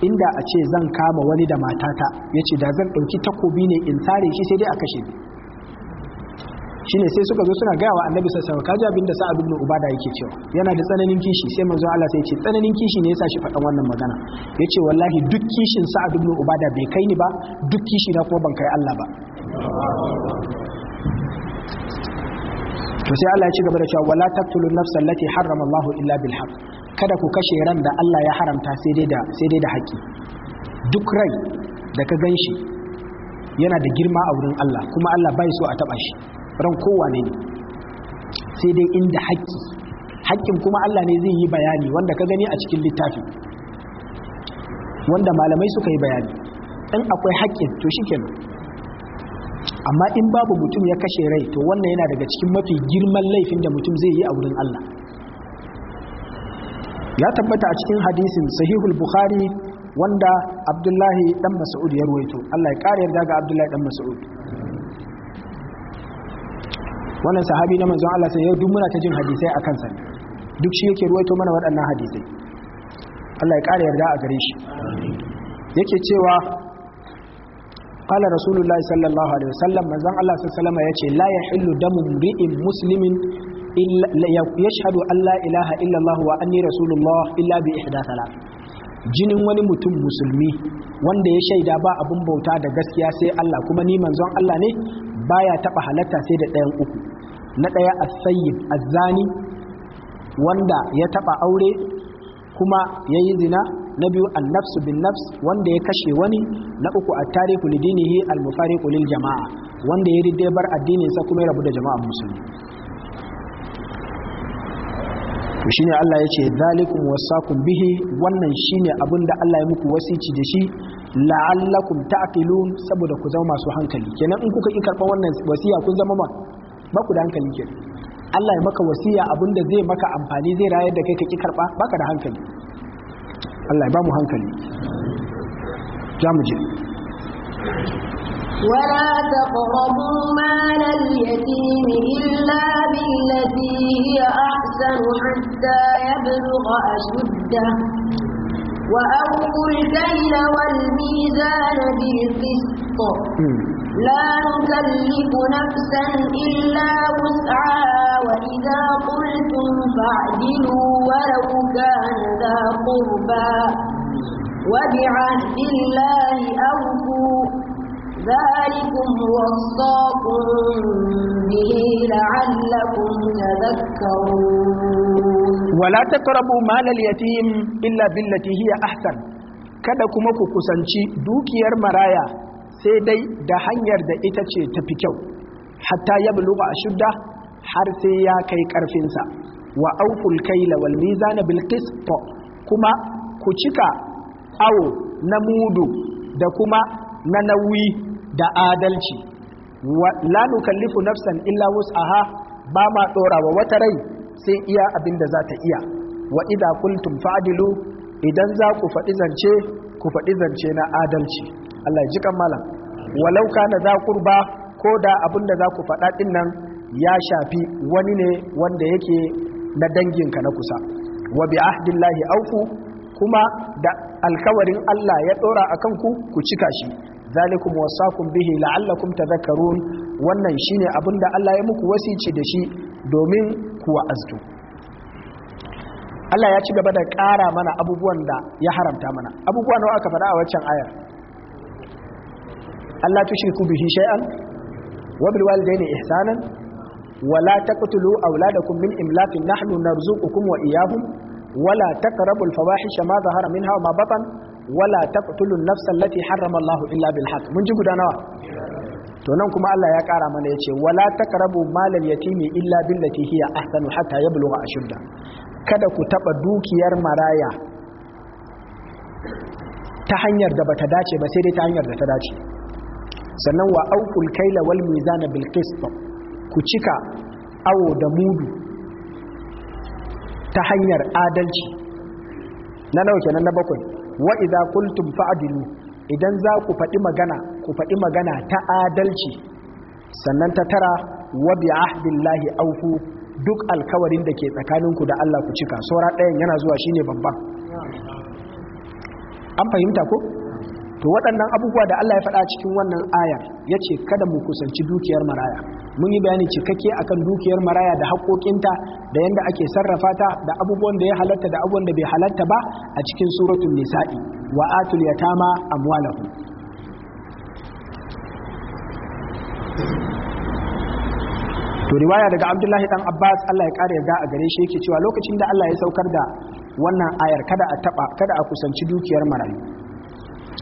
inda a ce zan kama wani da matata yace da zan dauki takobi ne in tare shi sai dai a kashe ni shine sai suka zo suna gaya wa annabi sallallahu alaihi wasallam kaji abinda sa'ad ibn ubada yake cewa yana da tsananin kishi sai manzo Allah sai ya ce tsananin kishi ne yasa shi faɗan wannan magana yace wallahi duk kishin sa'ad ibn ubada bai kai ni ba duk kishi na kuma ban kai Allah ba to sai Allah ya ci gaba da cewa wala taqtulun nafsal lati harrama Allahu illa bil haqq kada ku kashe ran da Allah ya haramta sai dai da sai dai da haƙi duk rai da ka ganshi yana da girma a wurin Allah kuma Allah bai so a taba shi ran kowane ne sai dai inda haƙƙi haƙƙin kuma Allah ne zai yi bayani wanda ka gani a cikin littafi wanda malamai suka yi bayani in akwai haƙƙin to shikenan amma in babu mutum ya kashe rai to wannan yana daga cikin mafi girman laifin da mutum zai yi a wurin Allah ya tabbata a cikin hadisin sahihul bukhari wanda abdullahi dan mas'ud ya ruwaito Allah ya kare yarda ga abdullahi dan mas'ud wannan sahabi na manzon Allah sai yau duk muna ta jin hadisai a kansa duk shi yake ruwaito mana waɗannan hadisai Allah ya ƙara yarda a gare shi yake cewa qala rasulullahi sallallahu alaihi wasallam manzon Allah sallallahu alaihi yace la yahillu damu mri'in muslimin illa yashhadu an la ilaha illa Allah wa anni rasulullah illa bi ihda salat jinin wani mutum musulmi wanda ya shaida ba abin bauta da gaskiya sai Allah kuma ni manzon Allah ne baya taba halatta sai da ɗayan uku na ɗaya a sayyid azzani zani wanda ya taɓa aure kuma ya yi zina na biyu an-nafsu bin nafs wanda ya kashe wani na uku a tariku lidinihi al-mufariqu jama'a wanda ya ride bar addinin sa kuma ya rabu da jama'a musulmi to shine Allah ya ce zalikum wasakum bihi wannan shine abin da Allah ya muku wasici da shi la'allakum ta'qilun saboda ku zama masu hankali kenan in kuka ki karɓar wannan wasiya kun zama ba ku da hankali ke Allah ya maka wasiya abin da zai maka amfani zai rayar da kai ka ki karba baka da hankali Allah ya ba mu hankali za mu je ولا تقربوا مال اليتيم إلا بالتي هي أحسن حتى يبلغ أشده وأوفوا الكيل والميزان بالقسط لا نكلف نفسا إلا وسعا وإذا قلتم فاعدلوا ولو كان ذا قربى وبعهد الله أوفوا ذلكم وصاكم به لعلكم تذكرون ولا تقربوا مال اليتيم إلا بالتي هي أحسن كدكم كسنشي دوكير مرايا sai dai da hanyar da ita ce tafi kyau hatta ya buluga a shudda har sai ya kai karfinsa wa auful lawal wal mizana bil qist kuma ku cika awo na mudu da kuma na nauyi da adalci la nukallifu nafsan illa wus'aha ba ma dora wa wata rai sai iya abinda da za ta iya wa idza qultum fa'dilu idan za ku faɗi zance ku faɗi zance na adalci Allah ya ji kan malam walau kana za kurba ko da abin da za ku faɗa ɗin nan ya shafi wani ne wanda yake na danginka na kusa wa bi ahdillahi auku kuma da alkawarin Allah ya ɗora a kanku ku cika shi zalikum wasakum bihi la'allakum tadhakkarun wannan shine abin da Allah ya muku wasici da shi domin ku wa'aztu Allah ya ci gaba da ƙara mana abubuwan da ya haramta mana abubuwa nawa aka faɗa a waccan ayar Allah tushriku bihi shay'an wa bil walidayni ihsanan wa la taqtulu awladakum min imlaqin nahnu narzuqukum wa iyyahum wa la taqrabul fawahisha ma zahara minha wa ma batan wa la taqtulun nafsa allati harrama Allah illa bil haqq mun ji gudanawa to nan kuma Allah ya kara mana yace wala taqrabu malal yatimi illa billati hiya ahsanu hatta yablugha ashudda kada ku taba dukiyar maraya ta hanyar da bata dace ba sai dai ta hanyar da ta dace sannan wa auful kaila wal mizana bil qist ku cika awo da mudu ta hanyar adalci na nawa kenan na bakwai wa idza qultum fa'dilu idan za ku faɗi magana ku faɗi magana ta adalci sannan ta tara wa bi ahdillahi aufu duk alkawarin da ke tsakaninku da Allah ku cika saura ɗayan yana zuwa shine babban an fahimta ko to waɗannan abubuwa da Allah ya faɗa cikin wannan ayar ya ce kada mu kusanci dukiyar maraya mun yi bayani cikakke kan dukiyar maraya da haƙoƙinta da yadda ake sarrafa ta da abubuwan da ya halatta da abubuwan da bai halatta ba a cikin suratul nisa'i wa atul yatama amwalahum to riwaya daga Abdullahi ɗan Abbas Allah ya ƙara yarda a gare shi yake cewa lokacin da Allah ya saukar da wannan ayar kada a taba kada a kusanci dukiyar marayu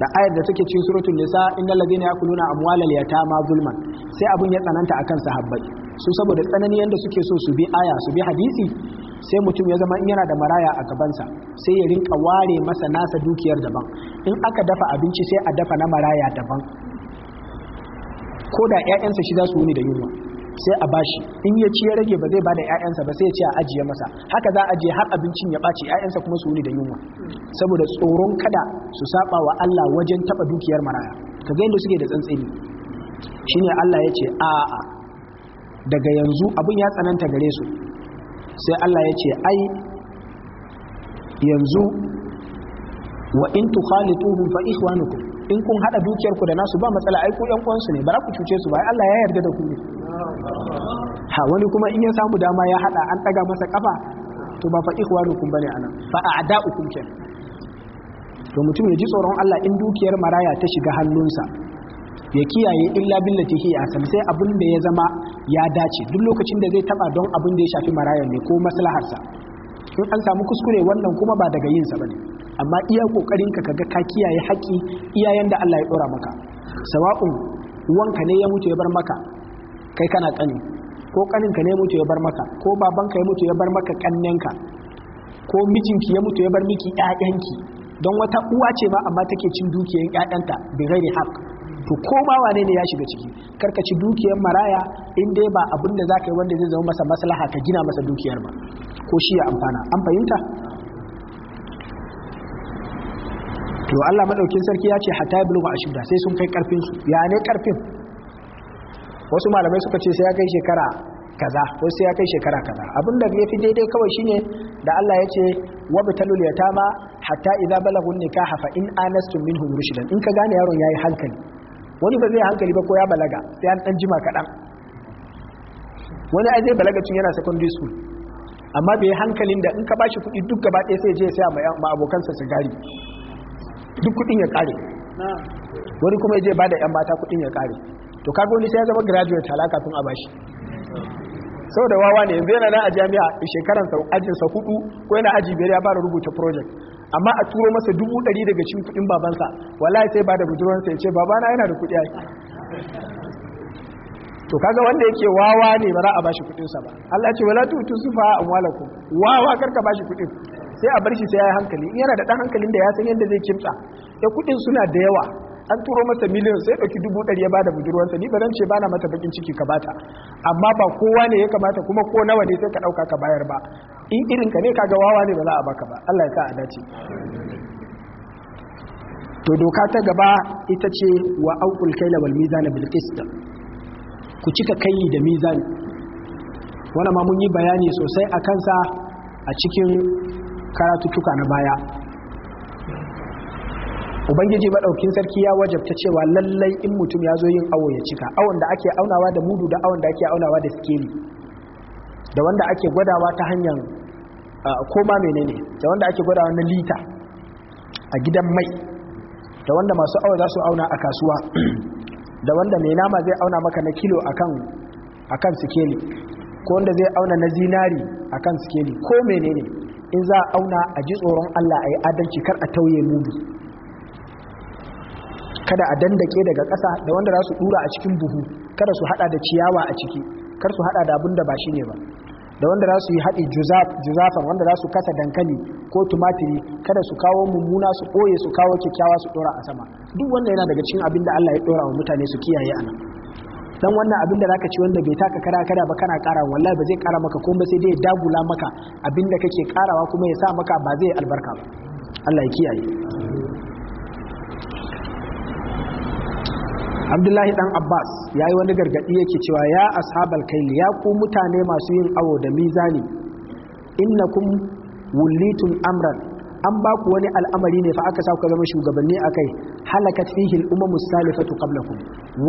da ayar da take cikin suratul nisa innal ladina yakuluna amwalal yatama zulman sai abun ya tsananta akan sahabbai su saboda tsanani yanda suke so su bi aya su bi hadisi sai mutum ya zama in yana da maraya a gabansa sai ya rinka ware masa nasa dukiyar daban in aka dafa abinci sai a dafa na maraya daban ko da 'ya'yansa shi za su wuni da yunwa sai a bashi in ya ci ya rage ba zai bada ƴaƴansa ba sai ya ce a ajiye masa haka za a je har abincin ya ɓaci ƴaƴansa kuma su wuni da yunwa saboda tsoron kada su saba wa Allah wajen taba dukiyar maraya ka ga yadda suke da tsantseni shine Allah ya ce a a daga yanzu abun ya tsananta gare su sai Allah ya ce ai yanzu wa in tukhalituhum fa ikhwanukum in kun hada dukiyar ku da nasu ba matsala ai ku yan uwansu ne ba ku cuce su ba Allah ya yarda da ku ne ha wani kuma in ya samu dama ya hada an daga masa kafa to ba fa ikhwanukum bane anan fa a'da'ukum ken to mutum ya ji tsoron Allah in dukiyar maraya ta shiga hannunsa ya kiyaye illa billati hi asan sai abin da ya zama ya dace duk lokacin da zai taba don abin da ya shafi maraya ne ko maslaharsa in an samu kuskure wannan kuma ba daga yin sa bane amma iya kokarin ka kaga ka kiyaye haƙi iyayen da Allah ya dora maka sawa'un uwanka ne ya mutu ya bar maka kai kana kani ko ƙaninka ne mutu ya bar maka ko babanka ya mutu ya bar maka ka ko mijinki ya mutu ya bar miki ƴaƴanki don wata uwa ce ma amma take cin dukiyar ƴaƴanta bi ghairi haqq to ko ba wane ne ya shiga ciki karka ci dukiyar maraya in dai ba abin da zaka yi wanda zai zama masa maslaha ka gina masa dukiyar ba ko shi ya amfana an fahimta to Allah madaukin sarki ya ce hatta yablu ashida sai sun kai karfin su ya ne karfin wasu malamai suka ce sai ya kai shekara kaza ko sai ya kai shekara kaza abin da ya fi daidai kawai shine da Allah ya ce wa bitalul yatama hatta idza balagu nikah fa in anastum minhum rushdan in ka gane yaron yayi hankali wani ba zai hankali ba ko ya balaga sai an dan jima kadan wani ai zai balaga tun yana secondary school amma bai hankalin da in ka bashi kuɗi duk gaba ɗaya sai je sai ma abokansa sigari duk kuɗin ya kare wani kuma ya je ba da 'yan mata kuɗin ya kare to kaga wani sai ya zama graduate halaka sun a bashi saboda wawa ne yanzu yana nan a jami'a shekaran sa ajin sa hudu ko yana aji biyar ya fara rubuta project amma a turo masa dubu ɗari daga cikin kuɗin babansa wallahi sai ba da budurwansa ya ce babana yana da kuɗi ai to kaga wanda yake wawa ne ba za a bashi kudin sa ba Allah ce wala tutu sufa amwalakum wawa karka bashi kuɗin sai a bar shi sai ya hankali in yana da dan hankalin da ya san yadda zai kimtsa ya kuɗin suna da yawa an turo masa miliyan sai ɗauki dubu ɗari ya bada budurwansa ni ba ce bana mata bakin ciki ka bata amma ba kowa ne ya kamata kuma ko nawa ne sai ka ɗauka ka bayar ba in irin ka ne kaga wawa ne ba za a baka ba Allah ya sa a dace to doka ta gaba ita ce wa auqul kaila wal mizan bil qist ku cika kai da mizan wannan ma mun yi bayani sosai a kansa a cikin tuka na baya ubangiji madaukin sarki ya wajabta cewa lallai in mutum ya zo yin awo ya cika awon da ake aunawa da mudu da awon da ake aunawa da sikeli da wanda ake gwadawa ta hanyar koma menene da wanda ake gwadawa na lita a gidan mai da wanda masu awo za su auna a kasuwa da wanda mai nama zai auna maka na kilo akan akan sikeli ko wanda zai auna na zinari akan sikeli ko menene in za a auna a ji tsoron Allah a yi adalci kar a tauye mudu kada a dandake daga ƙasa da wanda za su ɗura a cikin buhu kada su hada da ciyawa a ciki kar su hada da abin da ba shine ba da wanda za su yi haɗi juzafan wanda za su kasa dankali ko tumatiri kada su kawo mummuna su ɓoye su kawo kyakkyawa su ɗora a sama duk wanda yana daga cikin abin da Allah ya ɗora wa mutane su kiyaye a nan dan wannan abin da zaka ci wanda bai taka kara kada ba kana kara wallahi ba zai kara maka ko ba sai dai ya dagula maka abin da kake karawa kuma ya sa maka ba zai albarka ba Allah ya kiyaye abdullahi dan abbas ya yi wani gargaɗi yake cewa ya ashabal kail ya ku mutane masu yin awo da mizani innakum wullitum amran an ba ku wani al'amari ne fa aka sa ku zama shugabanni akai halakat fihi al-umamu kabla qablakum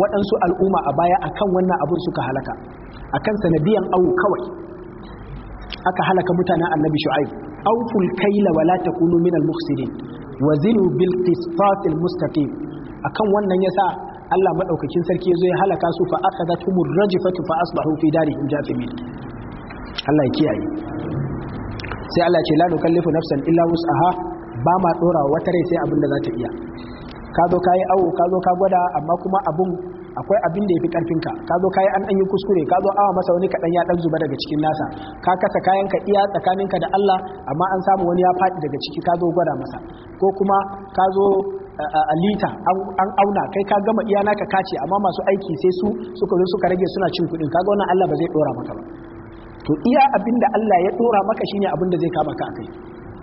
waɗansu al'umma a baya akan wannan abun suka halaka akan sanadiyan awu kawai aka halaka mutanen annabi shu'aib awful kaila wala takunu minal mukhsirin wa zinu bil qisṭatil mustaqim akan wannan yasa Allah madaukakin sarki yazo ya halaka su fa akhadathumur rajfatu fa asbahu fi darihim jathimin Allah ya kiyaye sai Allah ce la nukallifu nafsan illa wus'aha ba ma dora wata rai sai abinda da za ta iya ka zo ka yi awo ka zo ka gwada amma kuma abun akwai abin da yafi karfin ka ka zo ka yi an yi kuskure ka zo awa masa wani kadan ya ɗan zuba daga cikin nasa ka kasa kayan kayanka iya tsakaninka da Allah amma an samu wani ya faɗi daga ciki ka zo gwada masa ko kuma ka zo a lita an auna kai ka gama iya naka kace amma masu aiki sai su suka zo suka rage suna cin kuɗin kaga wannan Allah ba zai dora maka ba to iya abinda Allah ya dora maka shine abinda zai kama ka akai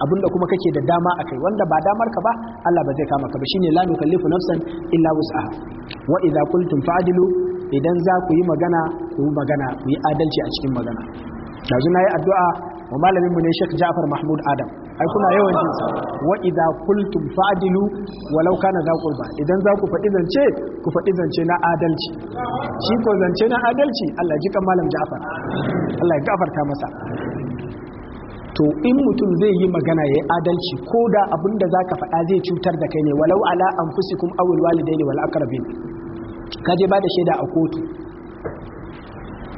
abinda kuma kake da dama akai wanda ba damar ka ba Allah ba zai kama ka ba shine la yukallifu nafsan illa wus'aha wa idza qultum fa'dilu idan za ku yi magana ku magana ku yi adalci a cikin magana yanzu na yi addu'a wa malamin mu ne Sheikh Ja'far Mahmud Adam ai kuna yawan jin sa wa idza qultum fa'dilu walau kana za qurba idan za ku faɗi zance ku faɗi zance na adalci shi ko zance na adalci Allah ji kan malam Ja'far Allah ya gafarta masa to in mutum zai yi magana ya yi adalci ko da abin da za ka faɗa zai cutar da kai ne walau ala anfusikum fusi walidaini wal aqrabin ka je ba da shaida a kotu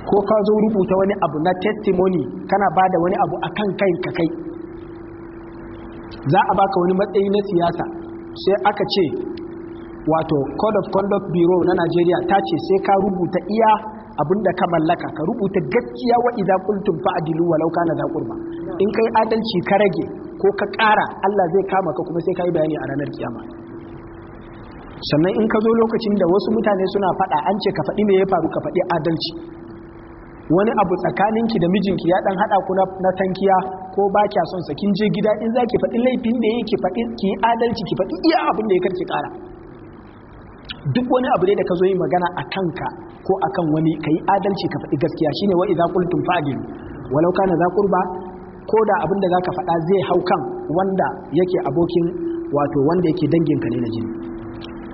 ko ka zo rubuta wani abu na testimony kana ba da wani abu akan kai ka kai za a baka wani matsayi na siyasa sai aka ce wato code of conduct bureau na Najeriya ta ce sai ka rubuta iya abinda ka mallaka ka rubuta gaskiya wa idza qultum fa'dilu walau kana za qurba in kai adalci ka rage ko ka ƙara Allah zai kama ka kuma sai kai bayani a ranar kiyama sannan in ka zo lokacin da wasu mutane suna faɗa an ce ka faɗi me ya faru ka faɗi adalci wani abu tsakaninki da mijinki ya dan hada ku na tankiya ko ba kya son sa kin je gida in zaki faɗi laifin da yake faɗi ki adalci ki faɗi iya abin da ya karki ƙara duk wani abu ne da ka zo yi magana a kanka ko a kan wani ka yi adalci ka faɗi gaskiya shine wa idza qultum fa'dilu walau kana za qurba ko da abin da zaka faɗa zai hau kan wanda yake abokin wato wanda yake danginka ne na jini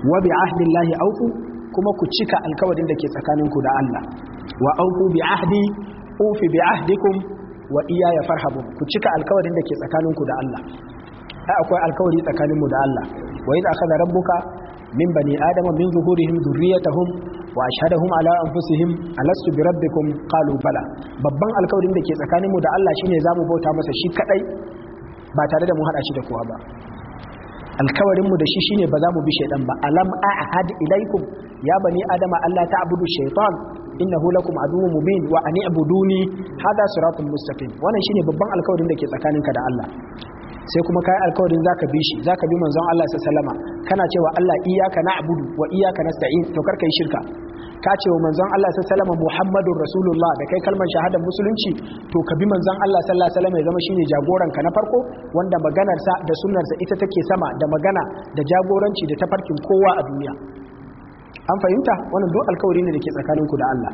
wa bi ahdillahi auku kuma ku cika alkawarin da ke tsakaninku da Allah wa auku bi ahdi ufi bi ahdikum wa ya farhabun ku cika alkawarin da ke tsakaninku da Allah ai akwai alkawari tsakaninmu da Allah wa idza akhadha rabbuka min bani adama min zuhurihim dhurriyyatahum wa ashhadahum ala anfusihim alastu bi rabbikum qalu bala babban alkawarin da ke tsakaninmu da Allah shine zamu bauta masa shi kadai ba tare da mu hada shi da kowa ba alkawarinmu da shi shine ba za mu bi shaidan ba alam a'had ilaikum ya bani adama Allah ta abudu shaitan innahu lakum aduwwun mubin wa an ibuduni hada siratul mustaqim wannan shine babban alkawarin da ke tsakaninka da Allah sai kuma kai alkawarin zaka bi shi zaka bi manzon Allah sallallahu alaihi wasallama kana cewa Allah iyyaka na'budu wa iyyaka nasta'in to kar yi shirka ka ce wa manzon Allah sallallahu alaihi Muhammadur Rasulullah da kai kalmar shahadar musulunci to ka bi manzon Allah sallallahu alaihi wasallam ya zama shine jagoran ka na farko wanda maganar sa da sunnar sa ita take sama da magana da jagoranci da tafarkin kowa a duniya an fahimta wannan duk alkawari ne da ke tsakaninku da Allah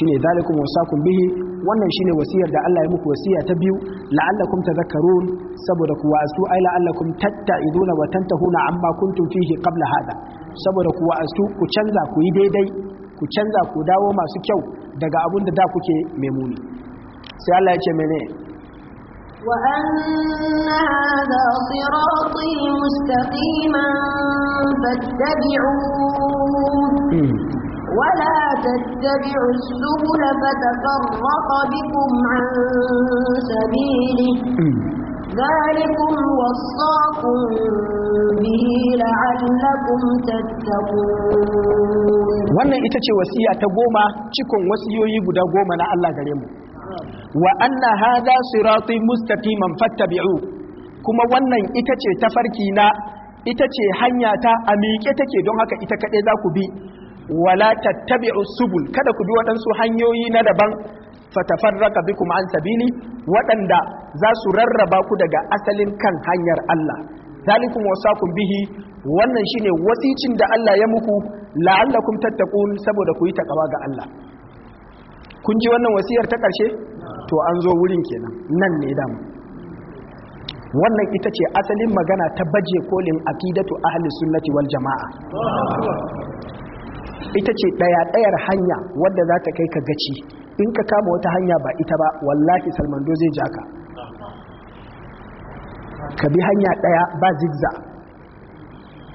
shine zalikum wasakum bihi wannan shine wasiyar da Allah ya muku wasiya ta biyu la'allakum tadhakkarun saboda ku wa'astu ay la'allakum tatta'iduna wa tantahuna amma kuntum fihi qabla hada saboda ku wa'astu ku canza ku yi daidai ku canza ku dawo masu kyau daga abin da da kuke memuni sai Allah ya ce mene wala hmm. tattabi'u subula fatafarraqa bikum an sabili hmm. wannan ita ce wasiya ta goma cikon wasiyoyi guda goma na Allah gare mu wa anna rasu sirati mustaqiman fattabi'u kuma wannan ita ce tafarki na ita ce hanya ta a miƙe take don haka ita kaɗai za ku bi wala tattabi'u subul kada ku bi waɗansu hanyoyi na daban fatafarraka bikum an sabili waɗanda za su rarraba ku daga asalin kan hanyar Allah zalikum wasakum bihi wannan shine wasicin da Allah ya muku la'allakum tattaqun saboda ku yi takawa ga Allah kun ji wannan wasiyar ta ƙarshe to an zo wurin kenan nan ne damu wannan ita ce asalin magana ta baje kolin aqidatu ahli sunnati wal jama'a ita ce ɗaya ɗayar hanya wadda za ta kai ka gaci in ka kama wata hanya ba ita ba wallahi salmando zai ja ka ka bi hanya ɗaya ba zigza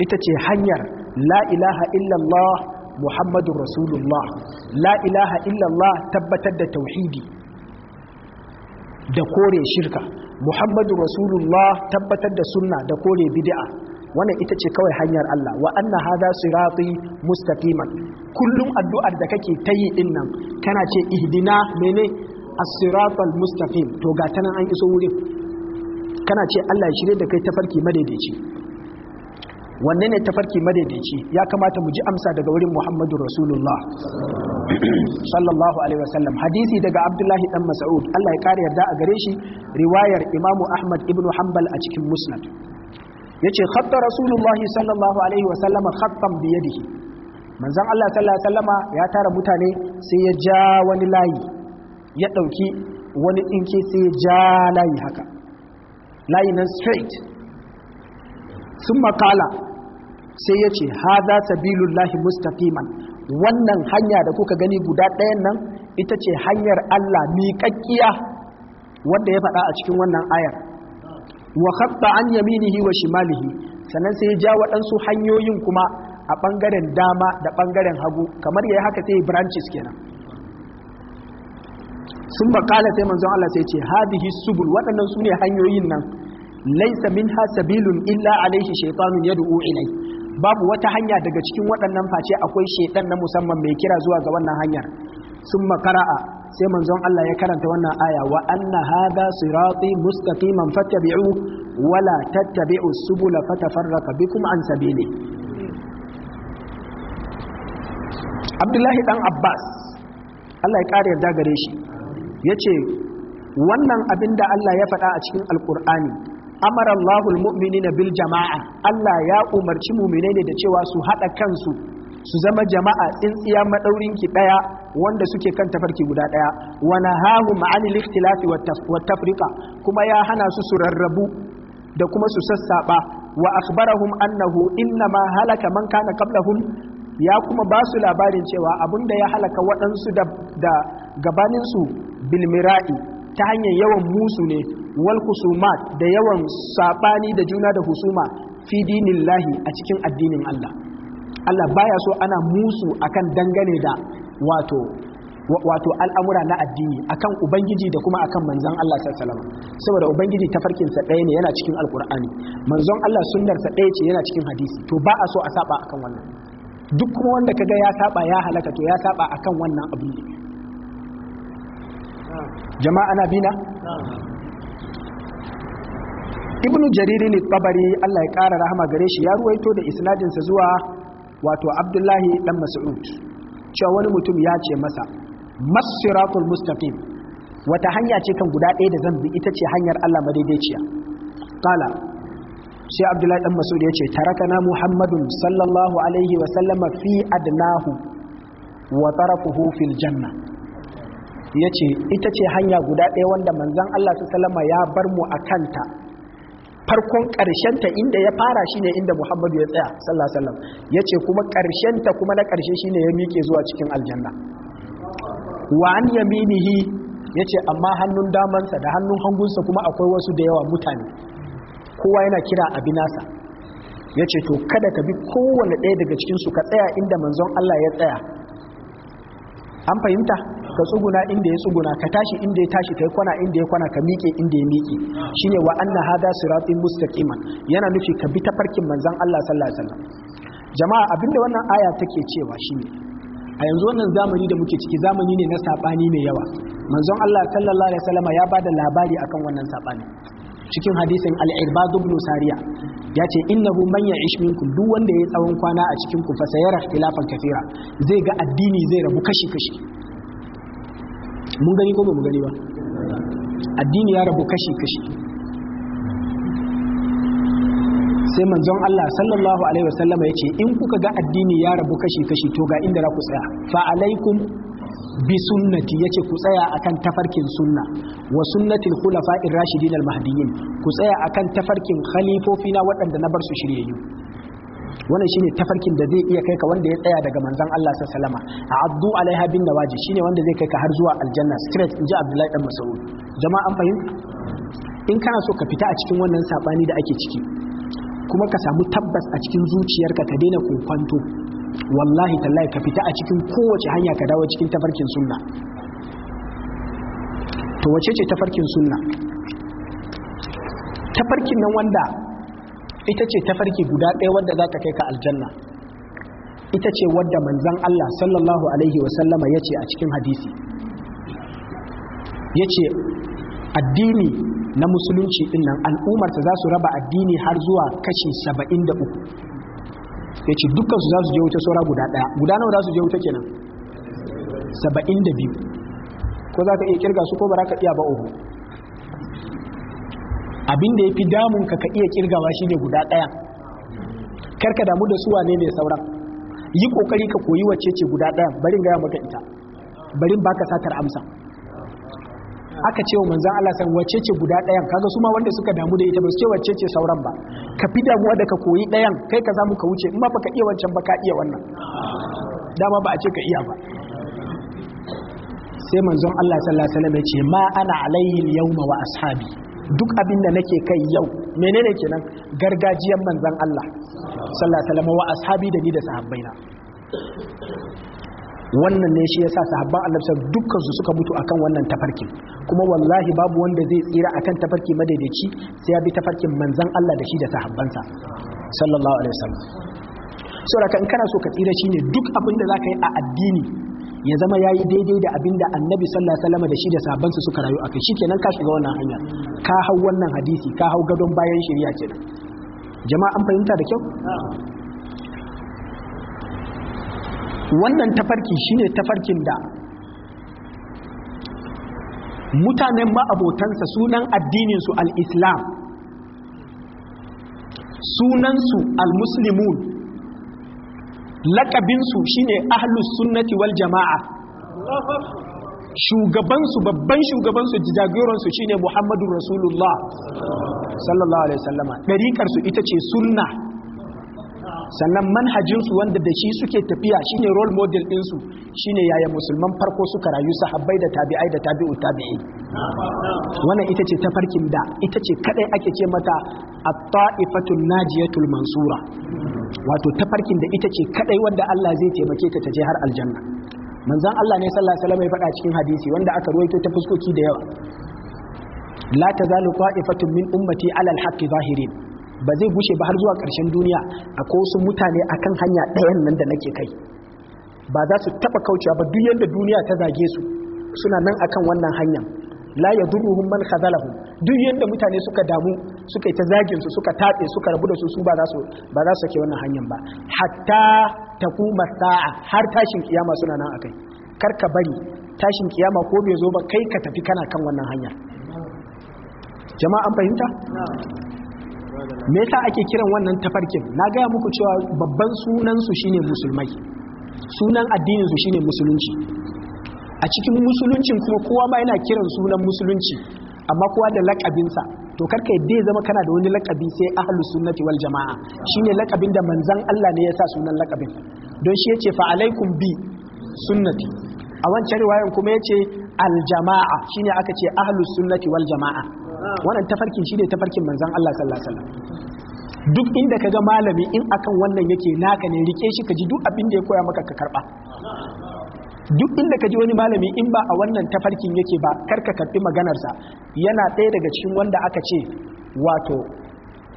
ita ce hanyar la ilaha illallah Muhammadu rasulullah la ilaha illallah tabbatar da tauhidi da kore shirka muhammadun rasulullah tabbatar da sunna da kore bid'a wannan ita ce kawai hanyar Allah wa anna hadha sirati mustaqiman kullum addu'ar da kake ta yi din nan kana ce ihdina mene as-siratal mustaqim to ga tanan an iso wurin kana ce Allah ya shirye da kai tafarki madaidaici wanne ne tafarki madaidaici ya kamata mu ji amsa daga wurin Muhammadu Rasulullah sallallahu alaihi wasallam hadisi daga Abdullahi dan Mas'ud Allah ya kare yarda a gare shi riwayar Imam Ahmad ibn Hanbal a cikin Musnad Ya ce khatta rasulullahi sallallahu alaihi wa sallama khattan bi yadihi manzon Allah sallallahu alaihi wasallama ya tara mutane sai ya ja wani layi ya dauki wani dinki sai ya ja layi haka layi nan straight summa makala sai ya ce, hadha sabilullahi mustaqiman wannan hanya da kuka gani guda ɗayan nan ita ce hanyar Allah miƙaƙƙiya wanda ya faɗa a cikin wannan ayar wa khatta an yaminihi wa shimalihi sannan sai ya ja waɗansu hanyoyin kuma a ɓangaren dama da ɓangaren hagu kamar ya yi haka sai branches kenan sun baƙala sai manzon Allah sai ce hadihi subul waɗannan su ne hanyoyin nan laisa minha sabilun illa alaihi shaytanun yad'u ilai babu wata hanya daga cikin waɗannan face akwai shaiɗan na musamman mai kira zuwa ga wannan hanyar sun makara'a sai manzon Allah ya karanta wannan aya wa anna hadha sirati mustaqiman fattabi'u tattabi'u subula bikum an sabili Abdullahi dan Abbas Allah ya kare yarda gare shi yace wannan abinda Allah ya faɗa a cikin alkur'ani amara Allahul mu'minina bil jama'a Allah ya umarci mu'minai ne da cewa su haɗa kansu su zama jama'a tsintsiya madaurin ki daya wanda suke kan tafarki guda daya wa nahahu ma'anil ikhtilafi wa tafriqa kuma ya hana su su rarrabu da kuma su sassaba wa akhbarahum annahu innama halaka man kana qablahum ya kuma ba su labarin cewa abin da ya halaka waɗansu da gabaninsu bilmira'i ta hanyar yawan musu ne wal da yawan saɓani da juna da husuma fi dinillahi a cikin addinin Allah Allah baya so ana musu akan dangane da wato wato al'amura na addini akan ubangiji da kuma akan manzon Allah sallallahu saboda ubangiji tafarkin sa ɗaya ne yana cikin alqur'ani manzon Allah sunnar sa ɗaya ce yana cikin hadisi to ba a so a saba akan wannan duk kuma wanda kaga ya saba ya halaka to ya saba akan wannan abu ne jama'a na bina ibnu jariri ne tabari Allah ya ƙara rahama gare shi ya ruwaito da isnadinsa zuwa wato abdullahi dan mas'ud cewa wani mutum ya ce masa masiratul mustaqim wata hanya ce kan guda ɗaya da zan bi ita ce hanyar Allah madaidaiciya qala sai abdullahi dan mas'ud ya ce tarakana muhammadun sallallahu alaihi wa sallama fi adnahu wa tarafuhu fil janna yace ita ce hanya guda ɗaya wanda manzon Allah sallama ya bar mu a kanta. farkon ta inda ya fara shine inda Muhammadu ya tsaya sallallahu alaihi wasallam yace kuma ta kuma na ƙarshe shine ya mike zuwa cikin aljanna wa an yaminihi yace amma hannun damansa da hannun hangunsa kuma akwai wasu da yawa mutane kowa yana kira abinasa nasa yace to kada ka bi kowane ɗaya daga cikin su ka tsaya inda manzon Allah ya tsaya an fahimta ka tsuguna inda ya tsuguna ka tashi inda ya tashi kai kwana inda ya kwana ka miƙe inda ya miƙe shine wa anna hada siratin mustaqiman yana nufi ka bi ta farkin manzon Allah sallallahu alaihi wasallam jama'a abinda wannan aya take cewa shine a yanzu wannan zamani da muke ciki zamani ne na sabani mai yawa manzon Allah sallallahu alaihi wasallam ya bada labari akan wannan sabani cikin hadisin al-irbad ibn sariya ya ce innahu man ya'ish minkum duk wanda ya tsawon kwana a cikin ku fa sayara ikhtilafan kathira zai ga addini zai rabu kashi kashi mun gani ko ba mu gani ba addini ya rabu kashi kashi sai manzon Allah sallallahu alaihi wasallama ce in kuka ga addini ya rabu kashi kashi to ga inda za ku tsaya fa alaikum bi sunnati yace ku tsaya akan tafarkin sunna wa sunnatil khulafa'ir rashidin al mahdiyyin ku tsaya akan tafarkin khalifofi na waɗanda na bar su shiryayyu wannan shine tafarkin da zai iya kai ka wanda ya tsaya daga manzon Allah sallallahu alaihi wasallam abdu alaiha bin nawaji shine wanda zai kai ka har zuwa aljanna straight inji abdullahi dan mas'ud jama'a an fahimta in kana so ka fita a cikin wannan sabani da ake ciki kuma ka samu tabbas a cikin zuciyarka ka daina kokwanto wallahi tallahi ka fita a cikin kowace hanya ka dawo cikin tafarkin sunna to wace ce tafarkin sunna tafarkin nan wanda ita ce ta tafarki guda ɗaya wadda za ta kai ka aljanna ita ce wadda manzan Allah sallallahu alaihi wasallama ya ce a cikin hadisi ya ce addini na musulunci ɗin nan al'ummarsa za su raba addini har zuwa kashi saba'in da uku ya ce dukkansu za su je wuta saura guda ɗaya guda nawa za su je wuta kenan saba'in da biyu ko za ka iya kirga su ko ba za ka iya ba uku abin da ya fi damun ka ka iya kirgawa shi ne guda ɗaya karka damu da suwa ne mai sauran yi kokari ka koyi wacce ce guda ɗaya barin gaya maka ita barin baka satar amsa aka ce wa manzan Allah san wacce ce guda ɗayan kaga su ma wanda suka damu da ita ba su ce wacce ce sauran ba ka fi damuwa da ka koyi ɗayan kai ka zamu ka wuce in ma baka iya wancan ba ka iya wannan dama ba a ce ka iya ba sai manzon Allah sallallahu alaihi wasallam ya ce ma ana alaihi yawma wa ashabi duk abin da nake kai yau menene kenan gargajiyan manzan Allah sallallahu alaihi wa ashabi da ni da sahabbaina wannan ne shi yasa sahabban Allah sa dukkan su suka mutu akan wannan tafarkin kuma wallahi babu wanda zai tsira akan tafarki madaidaici sai ya bi tafarkin manzan Allah da shi da sahabbansa sallallahu alaihi wasallam saboda in kana so ka tsira shine duk abin da zaka yi a addini ya zama ya yi daidai da abin da annabi sallallahu alaihi da shi da sabansu suka rayu a kai kenan ka shiga wannan hanya ka hau wannan hadisi ka hau gadon bayan shari'a kenan jama'a an fahimta da kyau wannan tafarki shine tafarkin da mutanen ma'abotansa sunan addininsu al-islam sunansu al-muslimun laƙabinsu shine ahlus sunnati wal jama'a shugabansu babban shugabansu jagoransu shine muhammadu rasulullah sallallahu alaihi wasallama ɗariƙarsu ita ce sunna sannan manhajinsu wanda da shi suke tafiya shine role model ɗinsu shine yaya musulman farko suka rayu sahabbai da tabi'ai da tabi'u tabi'i wannan ita ce tafarkin da ita ce kadai ake ce mata at-ta'ifatul najiyatul mansura wato tafarkin da ita ce kadai wanda Allah zai taimake ta ta je har aljanna manzon Allah ne sallallahu alaihi wasallam ya faɗa cikin hadisi wanda aka ruwaito ta fuskoki da yawa la tazalu qa'ifatun min ummati alal haqqi zahirin ba zai gushe ba har zuwa ƙarshen duniya ko sun mutane a kan hanya ɗayan nan da nake kai ba za su taɓa kaucewa ba duk yadda duniya ta zage su suna nan a kan wannan hanyar la ya hun man khazalahu duk yadda mutane suka damu suka yi ta zagin su suka tatse suka rabu da su su ba za su ba za su ke wannan hanyar ba hatta kuma sa'a har tashin kiyama suna nan akai kar ka bari tashin kiyama ko bai zo ba kai ka tafi kana kan wannan hanyar Jama'an fahimta me yasa ake kiran wannan tafarkin na gaya muku cewa babban sunansu shine musulmai sunan addinin su shine musulunci a cikin musuluncin kuma kowa ma yana kiran sunan musulunci amma kowa da lakabinsa to karka yadda ya zama kana da wani lakabi sai ahlus sunnati wal jama'a shine lakabin da manzan Allah ne ya sa sunan lakabin don shi yace fa alaikum bi sunnati a wancan riwayan kuma yace aljama'a shine aka ce ahlus sunnati wal jama'a wannan tafarkin shine tafarkin manzon Allah sallallahu alaihi wasallam duk inda kaga malami in akan wannan yake naka ne rike shi ka ji duk abin da ya koya maka ka karba duk inda ka ji wani malami in ba a wannan tafarkin yake ba karka karbi maganarsa yana ɗaya daga cikin wanda aka ce wato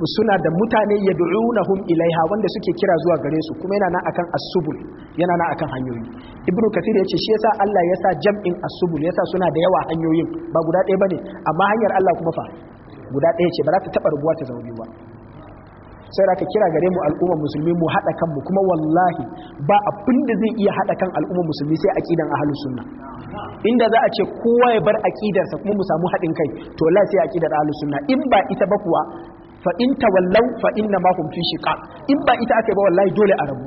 suna da mutane ya na yad'unahum ilaiha wanda suke kira zuwa gare su kuma yana nan akan as-subul yana nan akan hanyoyi ibnu kathir yace shi yasa Allah yasa jam'in as-subul yasa suna da yawa hanyoyin ba guda ɗaya bane amma hanyar Allah kuma fa guda ɗaya ce ba za ta taɓa rubuwa ta zaune ba sai da ka kira gare mu al'ummar musulmi mu kan kanmu kuma wallahi ba abin da zai iya haɗa kan al'ummar musulmi sai aqidan ahlus sunna inda za a ce kowa ya bar aqidarsa kuma mu samu haɗin kai to wallahi sai aqidar ahlus sunna in ba ita ba kuwa fa in tawallaw fa inna ma hum fi shiqaq in ba ita aka ba wallahi dole a rabu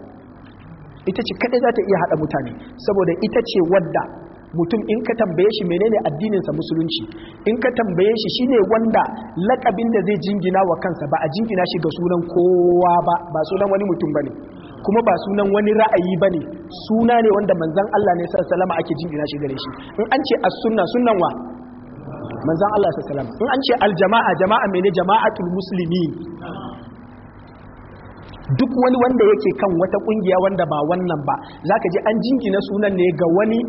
ita ce kadai za ta iya hada mutane saboda ita ce wadda mutum in ka tambaye shi menene addininsa musulunci in ka tambaye shi shine wanda lakabin da zai jingina wa kansa ba a jingina shi ga sunan kowa ba ba sunan wani mutum bane kuma ba sunan wani ra'ayi ba ne, suna ne wanda manzon Allah ne sallallahu alaihi ake jingina shi gare shi in an ce as-sunna sunan wa manzan Allah sallallahu salama in an ce aljama'a jama'a mene jama'atul musulmi duk wani wanda yake kan wata kungiya wanda ba wannan ba za ka ji an jingina sunan ne ga wani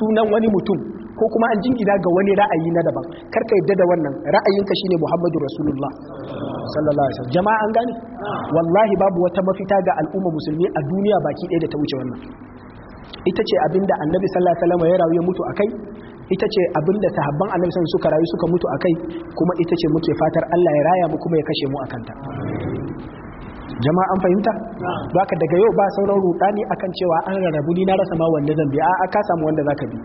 sunan wani mutum ko kuma an jingina ga wani ra'ayi na daban kar ka yadda da wannan ra'ayinka shine Muhammadu Rasulullah sallallahu alaihi wasallam jama'a an gane wallahi babu wata mafita ga al'umma musulmi a duniya baki ɗaya da ta wuce wannan ita ce abinda annabi sallallahu alaihi wasallam ya rawu ya mutu akai ita ce abinda sahabban habban suka rayu suka mutu akai kuma ita ce muke fatar Allah ya raya mu kuma ya kashe mu akanta jama'a an fahimta baka daga yau ba sauran rudani akan cewa an rarrabu ni na rasa ma wanda zan bi a ka samu wanda zaka bi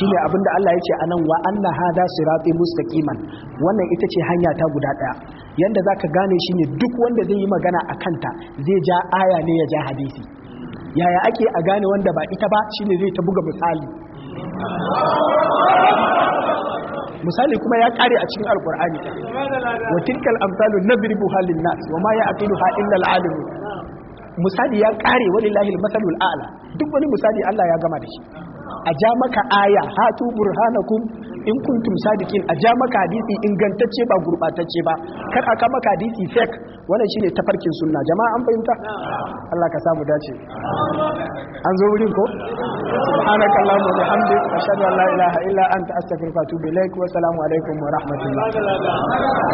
shine abinda Allah ya ce anan wa anna hada sirati mustaqiman wannan ita ce hanya ta guda daya yanda zaka gane shine duk wanda zai yi magana akan ta zai ja aya ne ya ja hadisi yaya ake a gane wanda ba ita ba shine zai ta buga misali misali kuma ya kare a cikin alkur'ani wa tilkal amsalu nadribu halin nas wa ma ya'qiluha illa al-alim misali ya kare walillahi al-masalul a'la duk wani misali Allah ya gama da shi a ja maka aya hatu burhanakum in kuntum sadiqin a ja maka hadisi ingantacce ba gurbatacce ba kar aka maka hadisi fake wannan shine tafarkin sunna jama'a an fahimta Allah ka samu dace an zo wurin ko subhanakallahumma wa bihamdika ashhadu an la ilaha illa anta astaghfiruka wa atubu ilaik wa assalamu alaikum wa rahmatullah